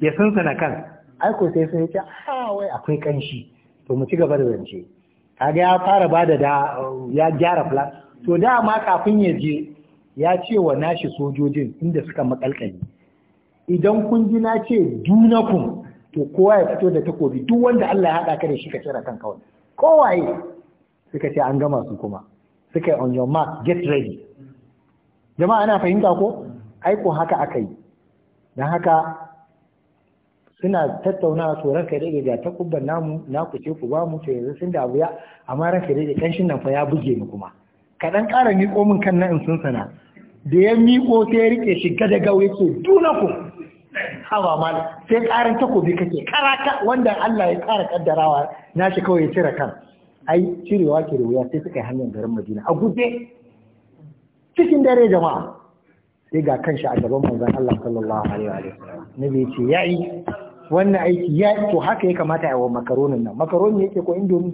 ya sana kan ai ko sai sun ce a wai akwai ƙanshi to mu ci gaba da zance kaga ya fara bada da ya gyara plan to da ma kafin ya je ya ce wa nashi sojojin inda suka makalkani idan kun ji na ce dunakun to kowa ya fito da takobi duk wanda Allah ya haɗa ka da shi ka tsira kan kawai kowaye suka ce an gama su kuma suka yi on your mark get ready jama'a ana fahimta ko aiko haka aka yi don haka suna tattauna to ranka daidai ga takubban namu na ku ce ku ba mu to yanzu sun da ya amma ranka daidai kanshin nan fa ya buge ni kuma ka ƙara miƙo min kan nan in sun sana da ya miƙo sai ya rike shi gada gawo yake duna ku hawa mal sai karin takobi kake karaka wanda Allah ya kara kaddarawa nashi kawai ya cire kan ai cirewa ke wuya sai suka yi hanyar garin Madina a guje cikin dare jama'a sai ga kanshi a gaban manzon Allah sallallahu alaihi wa sallam nabi ya ce yayi wannan aiki ya to haka ya kamata a wa makaronin nan makaroni yake ko indomi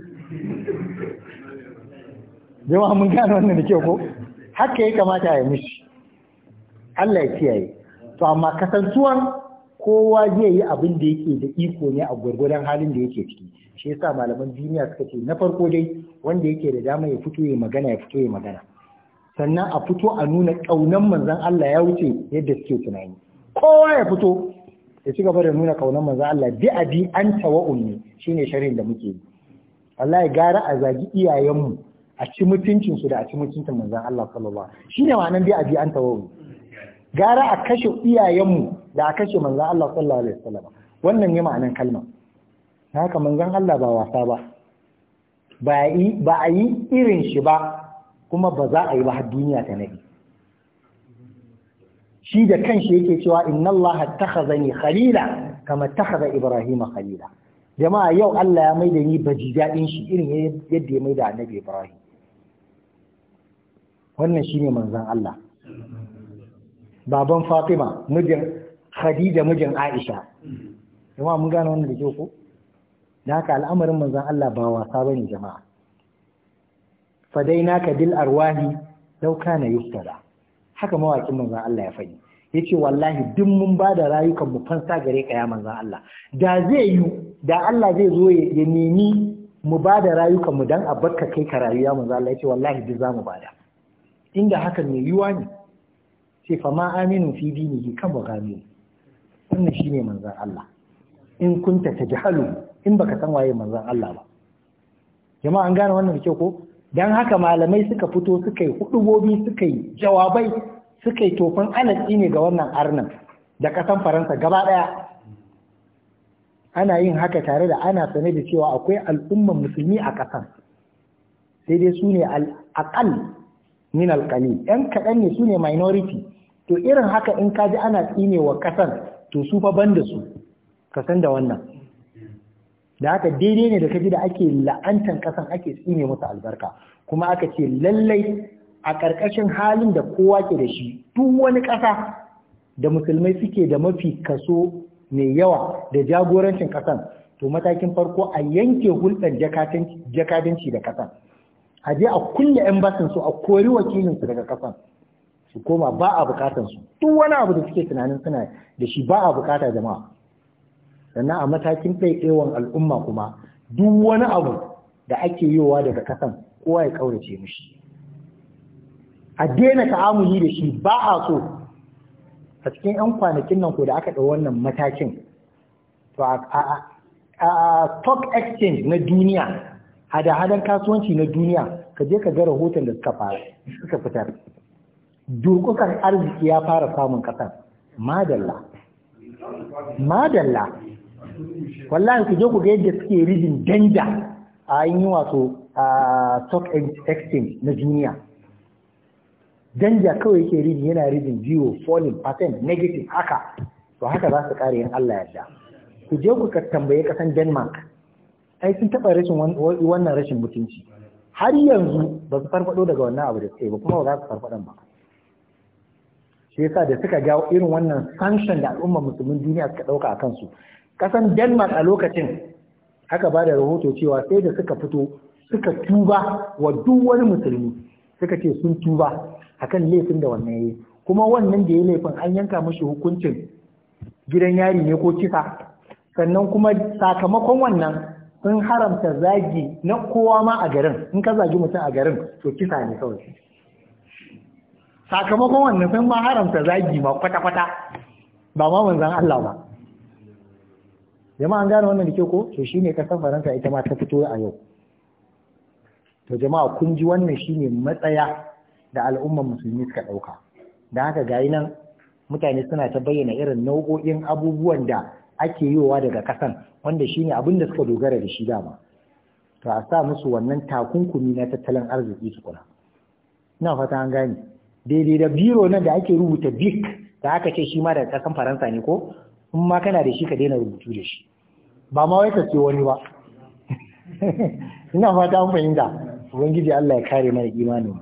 jama'a mun gane wannan da kyau ko
haka ya kamata a yi mishi Allah ya kiyaye to amma kasantuwan kowa zai yi abin da yake da iko ne a gwargwadon halin da yake ciki shi yasa malaman duniya suka ce na farko dai wanda yake da dama ya fito ya magana ya fito ya magana sannan a fito a nuna kaunan manzon Allah ya wuce yadda suke tunani kowa ya fito ya ci gaba da nuna kaunan manzon Allah bi bi an tawa'un ne shine sharhin da muke yi wallahi gara a zagi iyayenmu a ci mutuncinsu da a ci mutuncin manzon Allah sallallahu alaihi wasallam shine ma'anar bi abi an tawa'un gara a kashe iyayenmu da a kashe manzan Allah sallallahu alaihi wannan ne ma'anan kalma haka manzan Allah ba wasa ba ba a yi irin shi ba kuma ba za a yi ba har duniya ta nabi shi da kanshi yake cewa inna Allah ne khalila kama takhaza Ibrahim khalila jama'a yau Allah ya maida ni baji daɗin shi irin yadda ya maida annabi Ibrahim wannan shi ne manzan Allah baban Fatima mijin Khadija mijin Aisha jama'a mun gane wannan da ke ko da haka al'amarin manzon Allah ba wasa bane jama'a fadainaka bil arwahi law kana yuftara haka mawakin manzon Allah ya faɗi yace wallahi duk mun ba da rayukan mu fansa gare kaya ya manzon Allah da zai yi da Allah zai zo ya nemi mu ba da rayukan mu dan a barka kai ka rayuwa manzon Allah yace wallahi duk za mu bada inda hakan ne yiwa ne sai fa ma aminu fi dinihi kan gami wannan shine manzon Allah in kunta tajhalu in baka san waye manzon Allah ba jama'a an gane wannan kyau ko dan haka malamai suka fito suka yi hudubobi suka yi jawabai suka yi tofin alatsi ne ga wannan arnan da kasan Faransa gaba ɗaya. ana yin haka tare da ana sane da cewa akwai al'umman musulmi a kasan sai dai su ne al'aƙal min alƙali yan kaɗan ne su ne minority to irin haka in kaji ana tsinewa ƙasar to su fa ban da su ka san da wannan da haka daidai ne da ka ji da ake la'antan ƙasan ake tsine musu albarka kuma aka ce lallai a ƙarƙashin halin da kowa ke da shi duk wani ƙasa da musulmai suke da mafi kaso mai yawa da jagorancin ƙasan to matakin farko a yanke hulɗar jakadanci da ƙasan a je a kulle basin su a kori wakilin su daga kasan su koma ba a bukatan su duk wani abu da suke tunanin suna da shi ba a bukata jama'a sannan a matakin ɗaiɗewan al'umma kuma duk wani abu da ake yiwa daga kasan kowa ya kaurace mishi a daina ta'amuli da shi ba a so a cikin 'yan kwanakin nan ko da aka ɗau wannan matakin to a stock exchange na duniya hada-hadan kasuwanci na duniya ka je ka ga rahoton da suka fara suka fitar arziki ya fara samun kasar madalla madalla wallahi ku je ku ga yadda suke rijin danja a yi wato a stock exchange na duniya danja kawai yake rijin yana rijin zero falling percent negative haka to haka za su kare yin Allah yadda ku je ku tambaye kasan Denmark ai sun taɓa rashin wannan rashin mutunci har yanzu ba su farfado daga wannan abu da suka ba kuma ba za su farfadan ba shi yasa da suka ga irin wannan sanction da al'ummar musulmin duniya suka ɗauka a kansu Kasan denmark a lokacin aka ba da rahoto cewa sai da suka fito suka tuba wa duk wani musulmi suka ce sun tuba akan laifin da wannan yayi kuma wannan da ya laifin an yanka mashi hukuncin gidan yari ne ko kisa sannan kuma sakamakon wannan sun haramta zagi na kowa ma a garin in ka zagi mutum a garin to kisa ne kawai sakamakon wannan sun ma haramta zagi ma kwata-kwata ba ma manzan Allah ba jama'an an gane wannan da ke ko to shine kasan faransa ita ma ta fito a yau to jama'a kun ji wannan shine matsaya da al'umman musulmi suka dauka Da haka gayi nan mutane suna ta bayyana irin nau'o'in abubuwan da ake yiwa daga kasan wanda shine abin da suka dogara da shi dama to a sa musu wannan takunkumi na tattalin arziki su kula. ina fata an gane daidai da biro nan da ake rubuta bic da aka ce shi ma daga kasan faransa ne ko in ma kana da shi ka daina rubutu da shi ba ma wai ka ce wani ba ina fata an fahimta ubangiji Allah ya kare mana imanin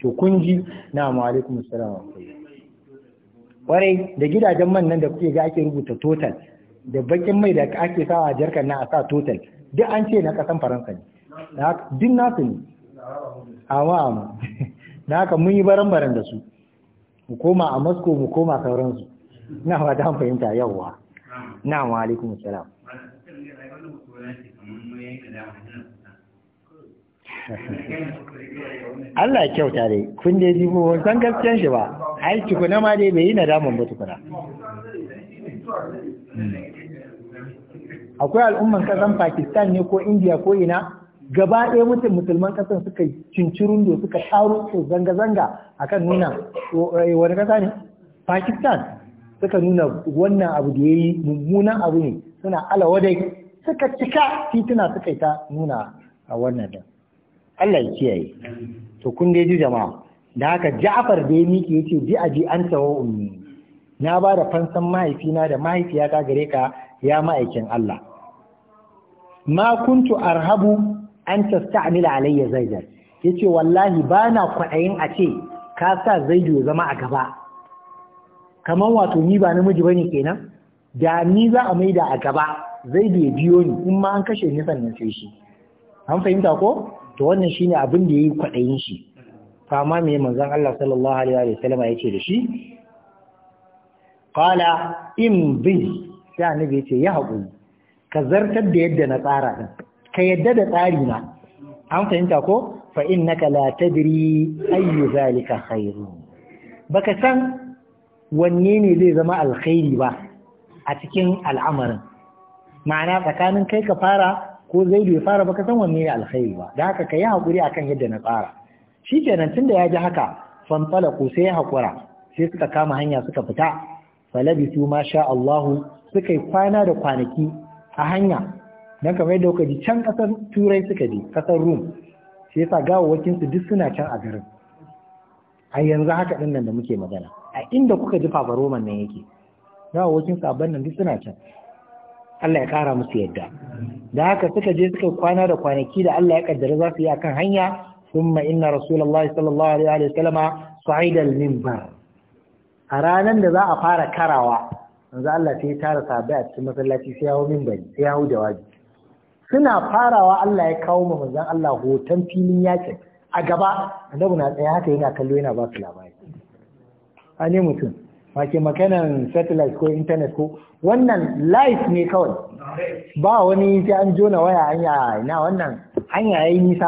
to kun ji na alaikum kwarai da gidajen man nan da kuke ga ake rubuta total da bakin mai da ake sawa jarkar na a sa total duk an ce na kasan faransa ne duk nasu ne amma amma na haka mun yi baran-baran da su mu koma a Moscow mu koma sauransu na ba ta fahimta yawwa na wa alaikun salam Allah ya kyauta dai kun dai ji san gaskiyar shi ba ai na ma dai bai yi nadaman ba tukuna hmm.
akwai al'umman kasan
Pakistan ne ko India ko ina gaba ɗaya mutum musulman kasan suka cincirun da suka taro su zanga-zanga akan nuna eh, wani kasa ne Pakistan suka nuna wannan abu da yayi mummunan abu ne suna alawadai suka cika tituna suka ta nuna a wannan da Allah ya kiyaye to kun dai ji jama'a da haka Ja'far da ya miƙe yace ji aji an tawo ummi na ba da fansan mahaifina da mahaifiyata gare ka ya ma'aikin Allah ma kuntu arhabu an tasta'mila alayya zaidan yace wallahi ba na kwaɗayin a ce ka sa zaidu ya zama a gaba kamar wato ni ba namiji bane kenan da ni za a maida a gaba zaidu ya biyo ni in ma an kashe ni sannan sai shi an fahimta ko to wannan shine abin da yayi kwadayin shi fama me manzon Allah sallallahu alaihi wa sallama yace da shi qala in bi sai annabi yace ya hakuri ka zartar da yadda na tsara din ka yadda da tsari na an fahimta ko fa innaka la tadri ayyu zalika khairu baka san wanne ne zai zama alkhairi ba a cikin al'amarin ma'ana tsakanin kai ka fara ko zaidu ya fara baka san wanne ne alkhairi ba da haka ka yi hakuri akan yadda na tsara shikenan tunda ya ji haka fantala ko sai ya hakura sai suka kama hanya suka fita falabisu ma sha Allah suka yi kwana da kwanaki a hanya dan kamar yadda kuka ji can kasar turai suka je kasar rum sai sa gawawakin su duk suna can a garin a yanzu haka din nan da muke magana a inda kuka ji fafaroman nan yake gawawakin su a nan duk suna can Allah ya kara musu yadda da haka suka je suka kwana da kwanaki da Allah ya kaddara za su yi akan hanya kuma inna rasulullahi sallallahu alaihi wa sallama sa'idal a ranar da za a fara karawa yanzu Allah sai ya tara sabai a cikin masallaci sai ya hau minbari sai ya jawabi suna farawa Allah ya kawo mu manzon Allah hoton filin yakin a gaba annabi na tsaye haka yana kallo yana ba su labari a ne mutum wake makanan satellite ko internet ko wannan light ne kawai ba wani sai an jona waya hanya ah, na wannan hanya yayi nisa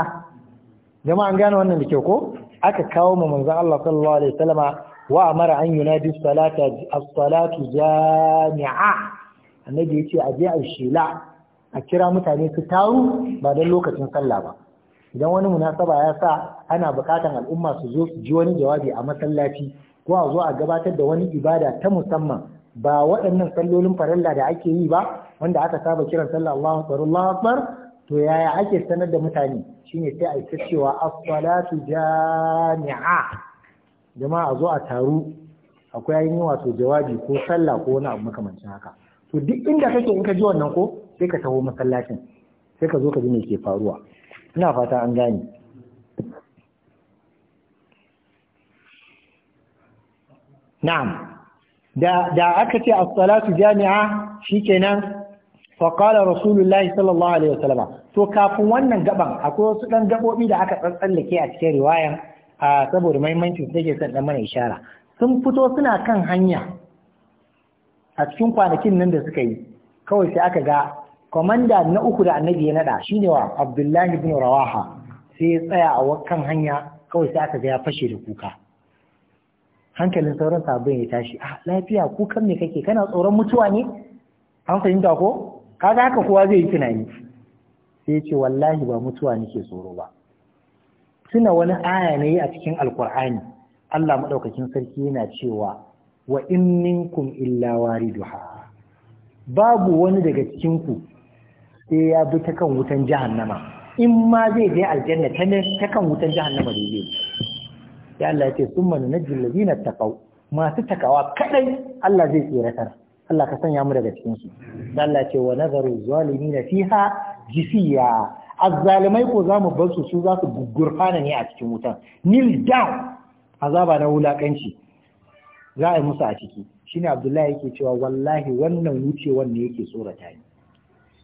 jama'a an gane wannan da ke ko aka kawo mu manzon Allah sallallahu alaihi wasallama wa amara an yunadi salata as-salatu jami'a annabi yace a je a shila a kira mutane su taru ba dan lokacin sallah ba idan wani munasaba ya sa ana bukatan al'umma su zo su ji wani jawabi a masallaci ko a zo a gabatar da wani ibada ta musamman ba waɗannan sallolin farilla da ake yi ba wanda aka saba kiran sallah Allahu akbar Allahu akbar to yaya ake sanar da mutane shine sai a yi cewa as-salatu jami'a jama'a a zo a taru akwai yayin yi wato jawabi ko sallah ko wani abu makamancin haka to duk inda kake in ka ji wannan ko sai ka taho masallacin sai ka zo ka ji me ke faruwa ina fata an gane na'am da aka ce a salatu jami'a shikenan fa qala rasulullahi sallallahu alaihi wasallam to kafin wannan gaban akwai wasu ɗan gabobi da aka tsantsallake a cikin riwaya saboda mahimmanci da yake son dan mana ishara sun fito suna kan hanya a cikin kwanakin nan da suka yi kawai sai aka ga kwamandan na uku da annabi ya nada shine wa Abdullahi ibn Rawaha sai ya tsaya a kan hanya kawai sai aka ga ya fashe da kuka hankalin sauran sabbin ya tashi ah lafiya ku kan me kake kana tsoron mutuwa ne an fahimta ko kaga haka kowa zai yi tunani sai ya ce wallahi ba mutuwa nake tsoro ba tuna wani aya ne a cikin alkur'ani Allah maɗaukakin sarki yana cewa wa in minkum illa wariduha babu wani daga cikin ku sai ya bi ta kan wutan jahannama in ma zai je aljanna ta kan wutan jahannama da zai sai Allah ya ce jirgin nunajjil ta taqaw masu takawa kadai Allah zai tara Allah ka sanya mu daga cikinsu. su Allah ce wa nazaru zalimin fiha jisiya azzalimai ko za bar su su za su gurfana ne a cikin wutan nil down azaba na wulakanci za a yi musu a ciki shine Abdullahi yake cewa wallahi wannan wucewan ne yake tsorata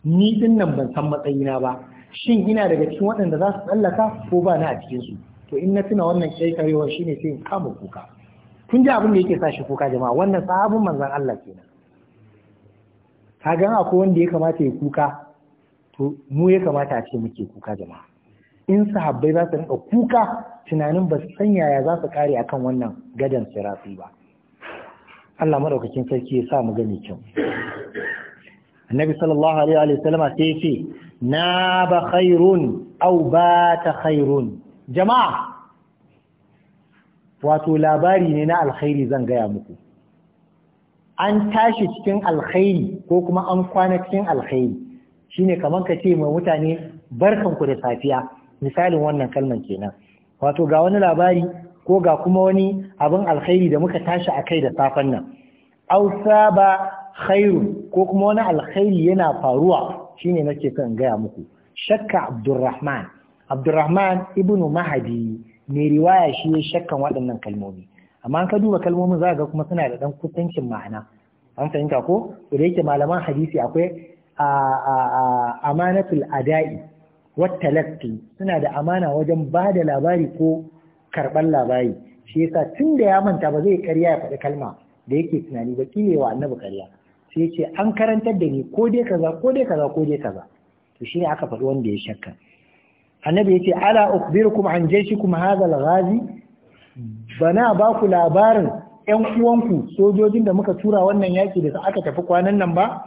ni ni din ban san matsayina ba shin ina daga cikin waɗanda za su tsallaka ko ba na a cikinsu? to in na tuna wannan kaikarewar shine sai in kama kuka kun ji abin da yake sa shi kuka jama'a wannan sahabin manzan Allah kenan a akwai wanda ya kamata ya kuka to mu ya kamata a ce muke kuka jama'a in sahabbai za su rinka kuka tunanin ba su san yaya za su kare akan wannan gadan sirafi ba Allah madaukakin sarki ya sa mu gani kyau annabi sallallahu alaihi wa sallam sai ya ce na ba khairun aw ba ta khairun jama'a wato labari ne na alkhairi zan gaya muku an tashi cikin alkhairi ko kuma an kwana cikin alkhairi shine kamar ka ce mai mutane barkanku da safiya misalin wannan kalman kenan wato ga wani labari ko ga kuma wani abin alkhairi da muka tashi a kai da safen nan au khairu ko kuma wani alkhairi yana faruwa shine nake kan gaya muku shakka abdurrahman Abdurrahman ibn Mahdi mai riwaya shi ya shakkan waɗannan kalmomi amma an ka duba kalmomin za ga kuma suna da ɗan kusancin ma'ana an fahimta ko da yake malaman hadisi akwai a amanatul ada'i wattalatti suna da amana wajen ba da labari ko karɓar labari shi yasa tun da ya manta ba zai karya ya faɗi kalma da yake tunani ba kile wa annabi karya sai ce an karantar da ni ko dai kaza ko dai kaza ko dai kaza to shi ne aka faɗi wanda ya shakka annabi yace ala ukhbirukum an jayshikum hadha al-ghazi bana ba ku labarin ƴan uwanku sojojin da muka tura wannan yaki da aka tafi kwanan nan ba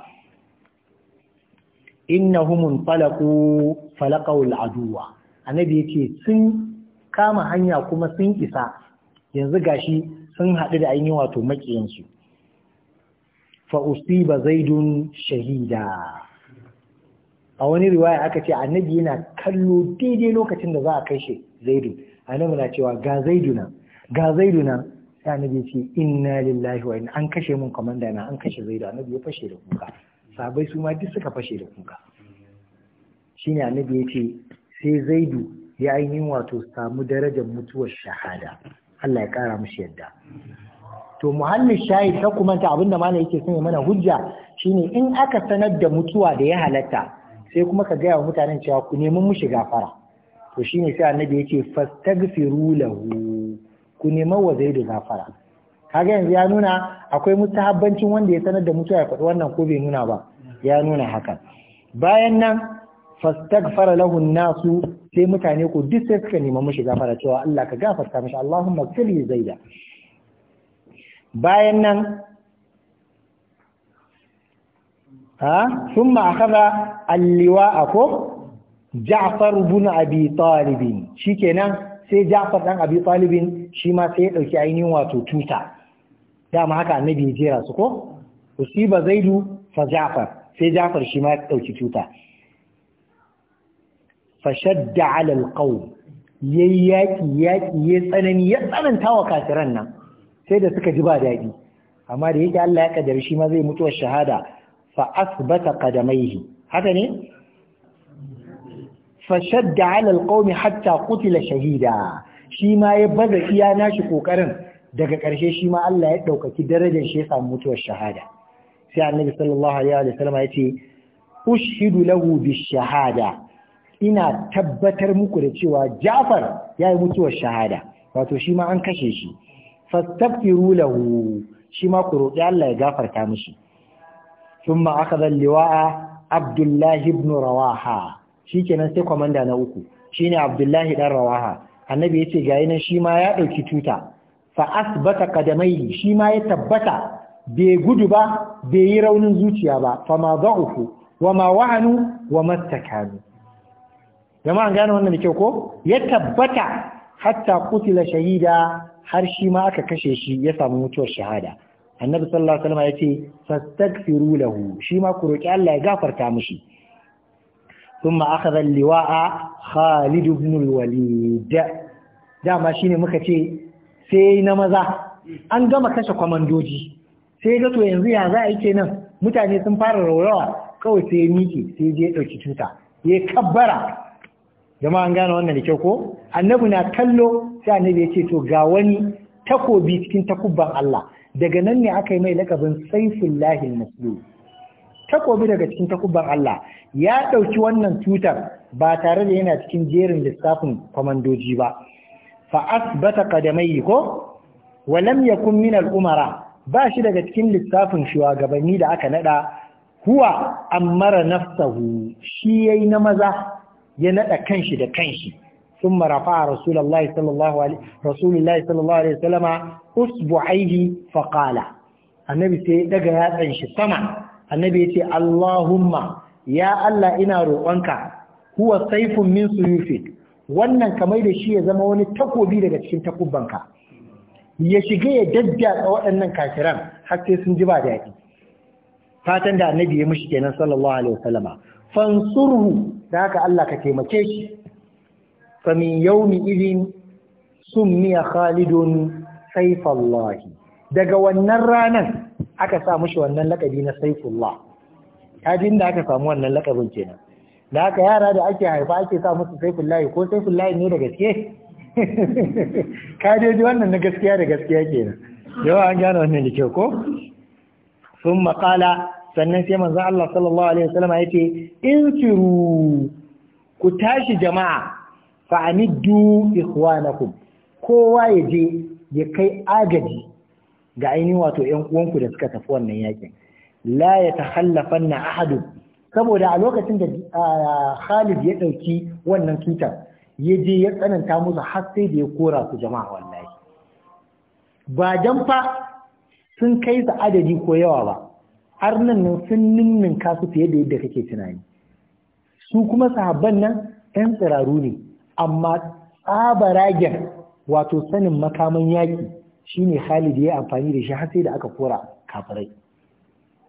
innahum falaqu falaqu al-aduwa annabi yace sun kama hanya kuma sun isa yanzu gashi sun haɗu da ainihin wato makiyansu fa usiba zaidun shahida a wani riwaya aka ce annabi yana kallo daidai lokacin da za a kai shi zaidu annabi na cewa ga zaidu na ga zaidu na sai annabi ce inna lillahi wa inna an kashe mun komanda na an kashe zaidu annabi ya fashe da kuka sabai su ma duk suka fashe da kuka shine annabi ya ce sai zaidu ya ainihin wato samu darajar mutuwar shahada Allah ya kara mishi yadda to muhallin shayi ta kuma ta abinda mana yake sanya mana hujja shine in aka sanar da mutuwa da ya halatta sai kuma ka gaya wa mutanen cewa ku neman mushi gafara to shine sai annabi yake fastaghfiru lahu ku nema wa zaidu gafara kaga yanzu ya nuna akwai mustahabbancin wanda ya sanar da mutuwa ya faɗi wannan ko bai nuna ba ya nuna haka bayan nan fastaghfara lahu nasu sai mutane ko duk sai suka nema mushi gafara cewa Allah ka gafarta mishi Allahumma kili zaida bayan nan ha thumma akhadha alliwa a ko Ja'far ibn Abi Talib shikenan sai Ja'far dan Abi Talib shi ma sai ya dauki ainihin wato tuta dama haka annabi ya jera su ko usiba zaidu fa Ja'far sai Ja'far shi ma ya dauki tuta fa shadda 'ala alqawm yayi yaki yaki ya tsanani ya tsananta wa kafiran nan sai da suka ji ba dadi amma da yake Allah ya kaddara shi ma zai wa shahada fa asbata qadamaihi haka ne fa shadda ala alqawmi hatta qutila shahida shi ma ya baza iya nashi kokarin daga ƙarshe shi ma Allah ya daukaki darajar shi ya samu mutuwar shahada sai annabi sallallahu alaihi wa sallam ya ce ushidu lahu bishahada ina tabbatar muku da cewa Ja'far ya yi mutuwar shahada wato shi ma an kashe shi fastaghfiru lahu shi ma ku roƙi Allah ya gafarta mishi thumma akhadha al-liwa'a Abdullah ibn Rawaha shikenan sai komanda na uku shine Abdullahi Ɗan Rawaha annabi yace ga nan shima ya ɗauki tuta fa asbata qadamaihi shima ya tabbata bai gudu ba bai yi raunin zuciya ba fa ma da'ufu wa ma wahanu wa mastakanu jama'a gane wannan da kyau ko ya tabbata hatta kutila shahida har shi ma aka kashe shi ya samu mutuwar shahada annabi sallallahu alaihi wasallam ya ce fastaghfiru lahu shi ma ku roki Allah ya gafarta mishi kuma akhadha liwaa Khalid ibn al-Walid dama shine muka ce sai na maza an gama kashe kwamandoji sai ga to yanzu ya za a yi kenan mutane sun fara raurawa kawai sai ya sai je ya ɗauki tuta ya kabbara jama'a an gane wannan da kyau ko annabi na kallo sai annabi ya ce to ga wani takobi cikin takubban Allah daga nan ne aka yi mai lakabin saifin lahil maslul takobi daga cikin takubban Allah ya ɗauki wannan tutar ba tare da yana cikin jerin lissafin kwamandoji ba fa asbata qadamai ko walam ya kun min umara ba shi daga cikin lissafin shugabanni da aka nada huwa an ammara nafsahu shi ya yi na maza ya nada kanshi da kanshi ثم رفع رسول الله صلى الله عليه رسول الله صلى الله عليه وسلم اصبعيه فقال النبي سي دغا ياتسن شي سما النبي يتي اللهم يا الله ina roƙonka huwa sayfun min wannan kamar da shi ya zama wani takobi daga cikin takubbanka ya shige ya daddatsa waɗannan kafiran har sai sun ji ba daɗi fatan da annabi ya mishi kenan sallallahu alaihi wasallama fansurhu da haka Allah ka taimake shi famin yaumi idin summiya khalidun saifallahi daga wannan ranar aka sa mushi wannan lakabi na saifullah kajin da aka samu wannan lakabin kenan da aka yara da ake haifa ake sa musu saifullahi ko saifullahi ne da gaske kajeji wannan na gaskiya da gaskiya kenan yawa an gane wannan da kyau ko sun makala sannan sai manzan Allah sallallahu Alaihi wasallama ya ce in firu ku tashi jama'a fa'aniddu ikwanakun kowa ya je ya kai agaji ga ainihin wato ‘yan uwanku da suka tafi wannan yakin la ya hallafan na ahadu saboda a lokacin da Khalid ya ɗauki wannan tutar ya je ya tsananta musu har sai da ya kora su jama'a wallahi ba don fa sun kai su adadi ko yawa ba har nan nan sun ninninka su fiye da yadda kake tunani su kuma sahabban nan yan tsiraru ne amma tsabaragen wato sanin makaman yaƙi shine Khalid ya yi amfani da shi har sai da aka kora kafirai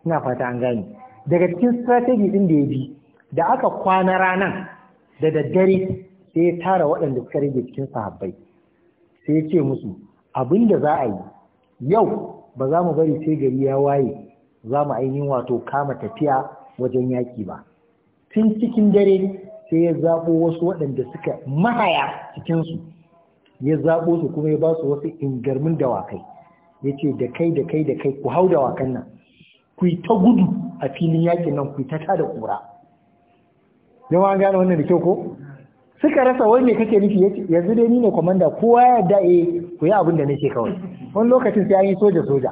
ina fata an gane daga cikin strategy ɗin da ya bi da aka kwana ranan da daddare sai ya tara waɗanda suka rage cikin sahabbai sai ya ce musu abin da za a yi yau ba za mu bari sai gari ya waye za mu ainihin wato kama tafiya wajen yaƙi ba tun cikin dare sai ya zaɓo wasu waɗanda suka mahaya cikinsu ya zaɓo su kuma ya ba su wasu ingarmin dawakai ya ce da kai da kai da kai ku hau dawakan nan ku yi ta gudu a filin yakin nan ku yi ta tada ƙura Yau an gane wannan da kyau ko suka rasa wai me kake nufi yanzu dai ni ne komanda kowa ya da e eh, ku yi abin da nake kawai wani lokacin sai an yi soja soja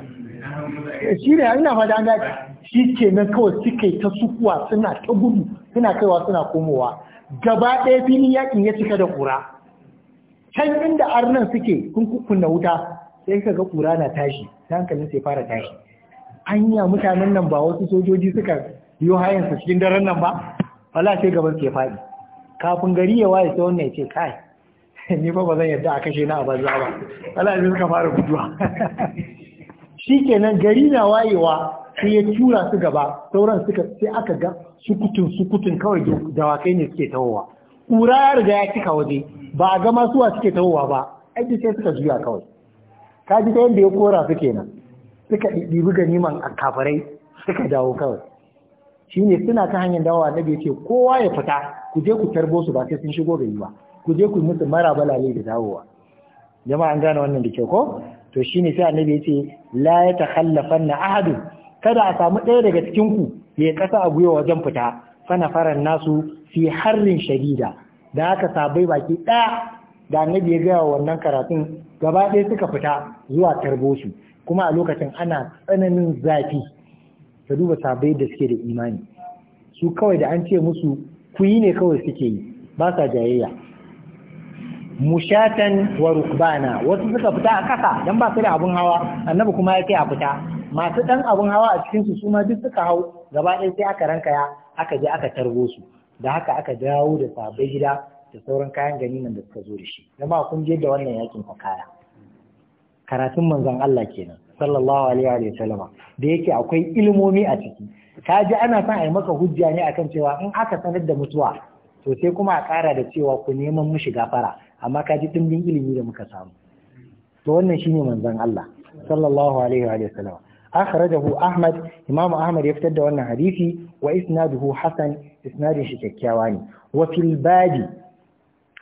shi ne ina fata an dace shi ke nan kawai suka yi ta sukuwa suna ta gudu suna kaiwa suna komowa gaba ɗaya filin yakin ya cika da ƙura can inda arnan suke sun na wuta sai ka ga ƙura na tashi ta hankalin sai fara tashi anya mutanen nan ba wasu sojoji suka yi hayan su cikin daren nan ba wala sai gaban sai faɗi kafin gari ya waye sai wannan ya ce kai ni fa ba zan yarda a kashe na a banza ba wala sai suka fara guduwa shikenan gari na wayewa sai ya tura su gaba sauran suka sai aka ga sukutun sukutun kawai dawakai ne suke tawowa ƙura ya riga ya cika waje ba a ga suwa suke tawowa ba aiki sai suka juya kawai ka ji ta yadda ya kora su kenan suka ɗiɗɗibi ganiman a kafarai suka dawo kawai shi ne suna ta hanyar dawowa na biyu ce kowa ya fita ku je ku tarbo su ba sai sun shigo gari ba ku je ku musu mara balale da dawowa jama'a an gane wannan da kyau ko to shine sai annabi ya ce la ya na ahadin kada a samu ɗaya daga cikinku ku ya kasa a gwiwa wajen fita fana faran nasu fi harrin shadida da aka sabai baki ɗaya da annabi ya gaya wannan karatun gaba ɗaya suka fita zuwa tarbo kuma a lokacin ana tsananin zafi ka duba sabai da suke da imani su kawai da an ce musu ku yi ne kawai suke yi ba sa jayayya mushatan wa rukbana wasu suka fita a ƙasa don ba su da abin hawa annabi kuma ya kai a fita masu ɗan abin hawa a cikinsu su ma duk suka hau gaba ɗaya sai aka rankaya aka je aka tarbo su da haka aka dawo da sabai gida da sauran kayan ganiman da suka zo da shi jama kun je da wannan yakin ka kaya karatun manzon Allah kenan sallallahu alaihi wa sallama da yake akwai ilmomi a ciki ka ji ana son a yi maka hujja ne akan cewa in aka sanar da mutuwa to sai kuma a ƙara da cewa ku neman shiga fara, amma ka ji ɗimbin ilimi da muka samu to wannan shine manzon Allah sallallahu alaihi wa sallama أخرجه ahmad imamu ahmad ya fitar da wannan hadisi wa isnaduhu وفي isnadin shi kyakkyawa ne سوما دسك بعد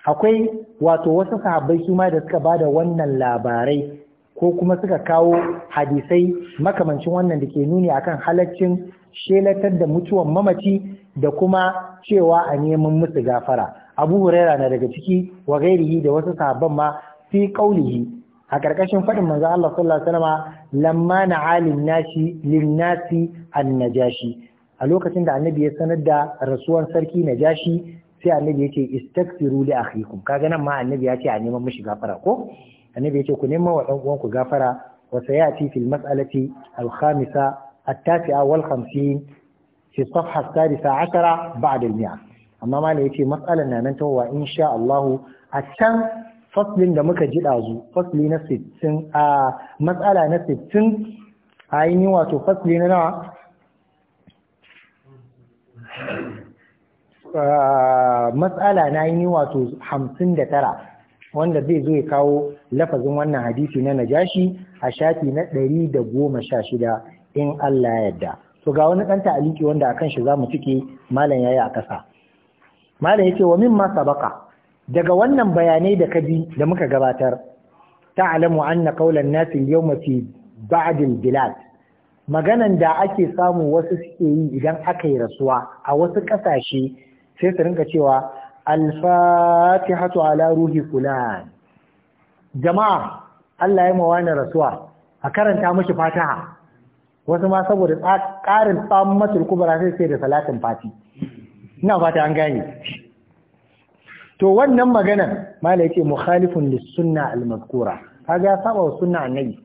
akwai wato wasu sahabbai da suka da wannan labarai ko kuma suka kawo hadisai makamancin wannan da ke nuni akan halaccin shelatar da mutuwan mamaci da kuma cewa a neman musu gafara abu huraira na daga ciki wa gairihi da wasu sahabban ma fi qaulihi a ƙarƙashin faɗin manzo Allah sallallahu alaihi wasallam lamma na'alin nashi linnasi annajashi a lokacin da annabi ya sanar da rasuwan sarki najashi sai annabi ya ce istaghfiru li akhikum kaga nan ma annabi ya ce a neman mishi gafara ko annabi ya ce ku neman wa dan gafara wa sayati fil mas'alati al khamisa at tasi'a wal 50 fi safha al thalitha ashara ba'da al mi'a amma malai ya ce mas'alan nan ta wa insha Allah a can faslin da muka ji ɗazu fasli na sittin a matsala na sittin a ni wato fasli na nawa matsala na ni wato hamsin da tara wanda zai zo ya kawo lafazin wannan hadisi na najashi a shafi na ɗari da goma sha shida in Allah ya yadda to ga wani ɗanta ta'aliki wanda a kan shi za mu cike malam yayi a ƙasa malam ya ce, wa min mimma sabaka daga wannan bayanai da kaji da muka gabatar ta'lamu anna qawlan nas al-yawma fi ba'd al-bilad maganan da ake samu wasu suke yi idan aka yi rasuwa a wasu kasashe sai su rinka cewa al-fatihatu ala ruhi fulan jama'a Allah ya ni rasuwa a karanta mashi fataha wasu ma saboda ƙarin tsammatul kubra sai sai da salatin fati ina fata an gane to wannan magana mala yace mukhalifun lis-sunna al-mazkura kaga ya saba wa sunna annabi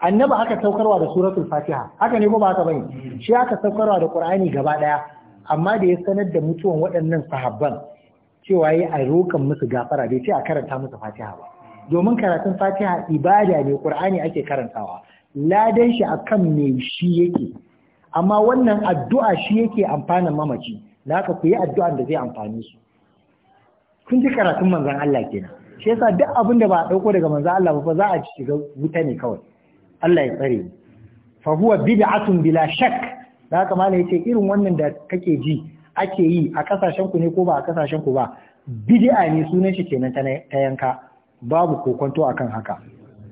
annabi aka saukarwa da suratul fatiha haka ne ko ba haka bane shi aka saukarwa da Ƙur'ani gaba daya amma da ya sanar da mutuwan waɗannan sahabban cewa yi a rokan musu gafara bai ce a karanta musu fatiha ba domin karatun fatiha ibada ne Ƙur'ani ake karantawa ladan shi akan me shi yake amma wannan addu'a shi yake amfanin mamaci da haka ku yi addu'an da zai amfane su kun ji karatun manzan Allah kenan shi yasa duk abin da ba a dauko daga manzan Allah ba za a ci shiga wuta ne kawai Allah ya tsare ni. fa huwa bid'atun bila shak da haka malam yace irin wannan da kake ji ake yi a kasashen ku ne ko ba a kasashen ku ba bid'a ne sunan shi kenan ta yanka babu kokonto akan haka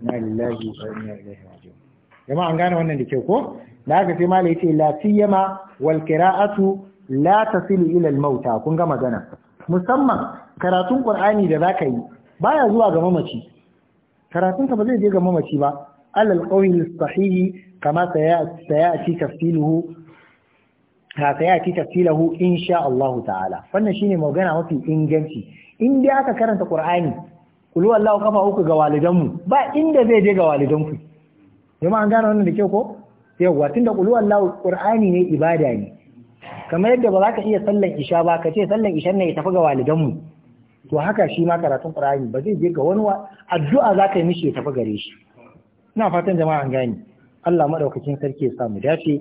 na lillahi wa inna ilaihi an gane wannan da kyau ko da haka sai malam yace la siyama wal qira'atu la tasilu ila al mauta kun ga magana musamman karatun qur'ani da za ka yi baya zuwa ga mamaci karatun ka ba zai je ga mamaci ba alal qawli sahihi kama saya tafsiluhu ka sayati tafsiluhu insha Allah ta'ala wannan shine magana mafi inganci in dai aka karanta qur'ani kulu wallahu kafa uku ga walidanmu ba inda zai je ga walidanku jama'a an gane wannan da kyau ko yawwa tunda kulu wallahu qur'ani ne ibada ne kamar yadda ba za ka iya sallan isha ba ka ce sallan isha ne ya tafi ga walidanmu to haka shi ma karatun ƙur'ani ba zai je ga wani wa. addu'a za ka yi mishi ya tafi gare shi ina fatan jama'a an gani. Allah madaukakin sarki ya sa mu dace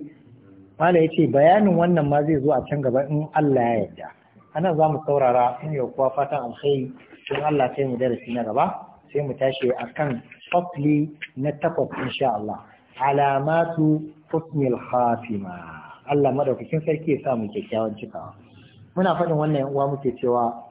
mala yace bayanin wannan ma zai zo a can gaba in Allah ya yarda nan za mu saurara in yau kuwa fatan alkhairi in Allah sai mu darasi na gaba sai mu tashi akan fasli na takwas insha Allah alamatu husnil khatima Allah madaukakin sarki ya sa mu kyakkyawan cikawa muna faɗin wannan yan uwa muke cewa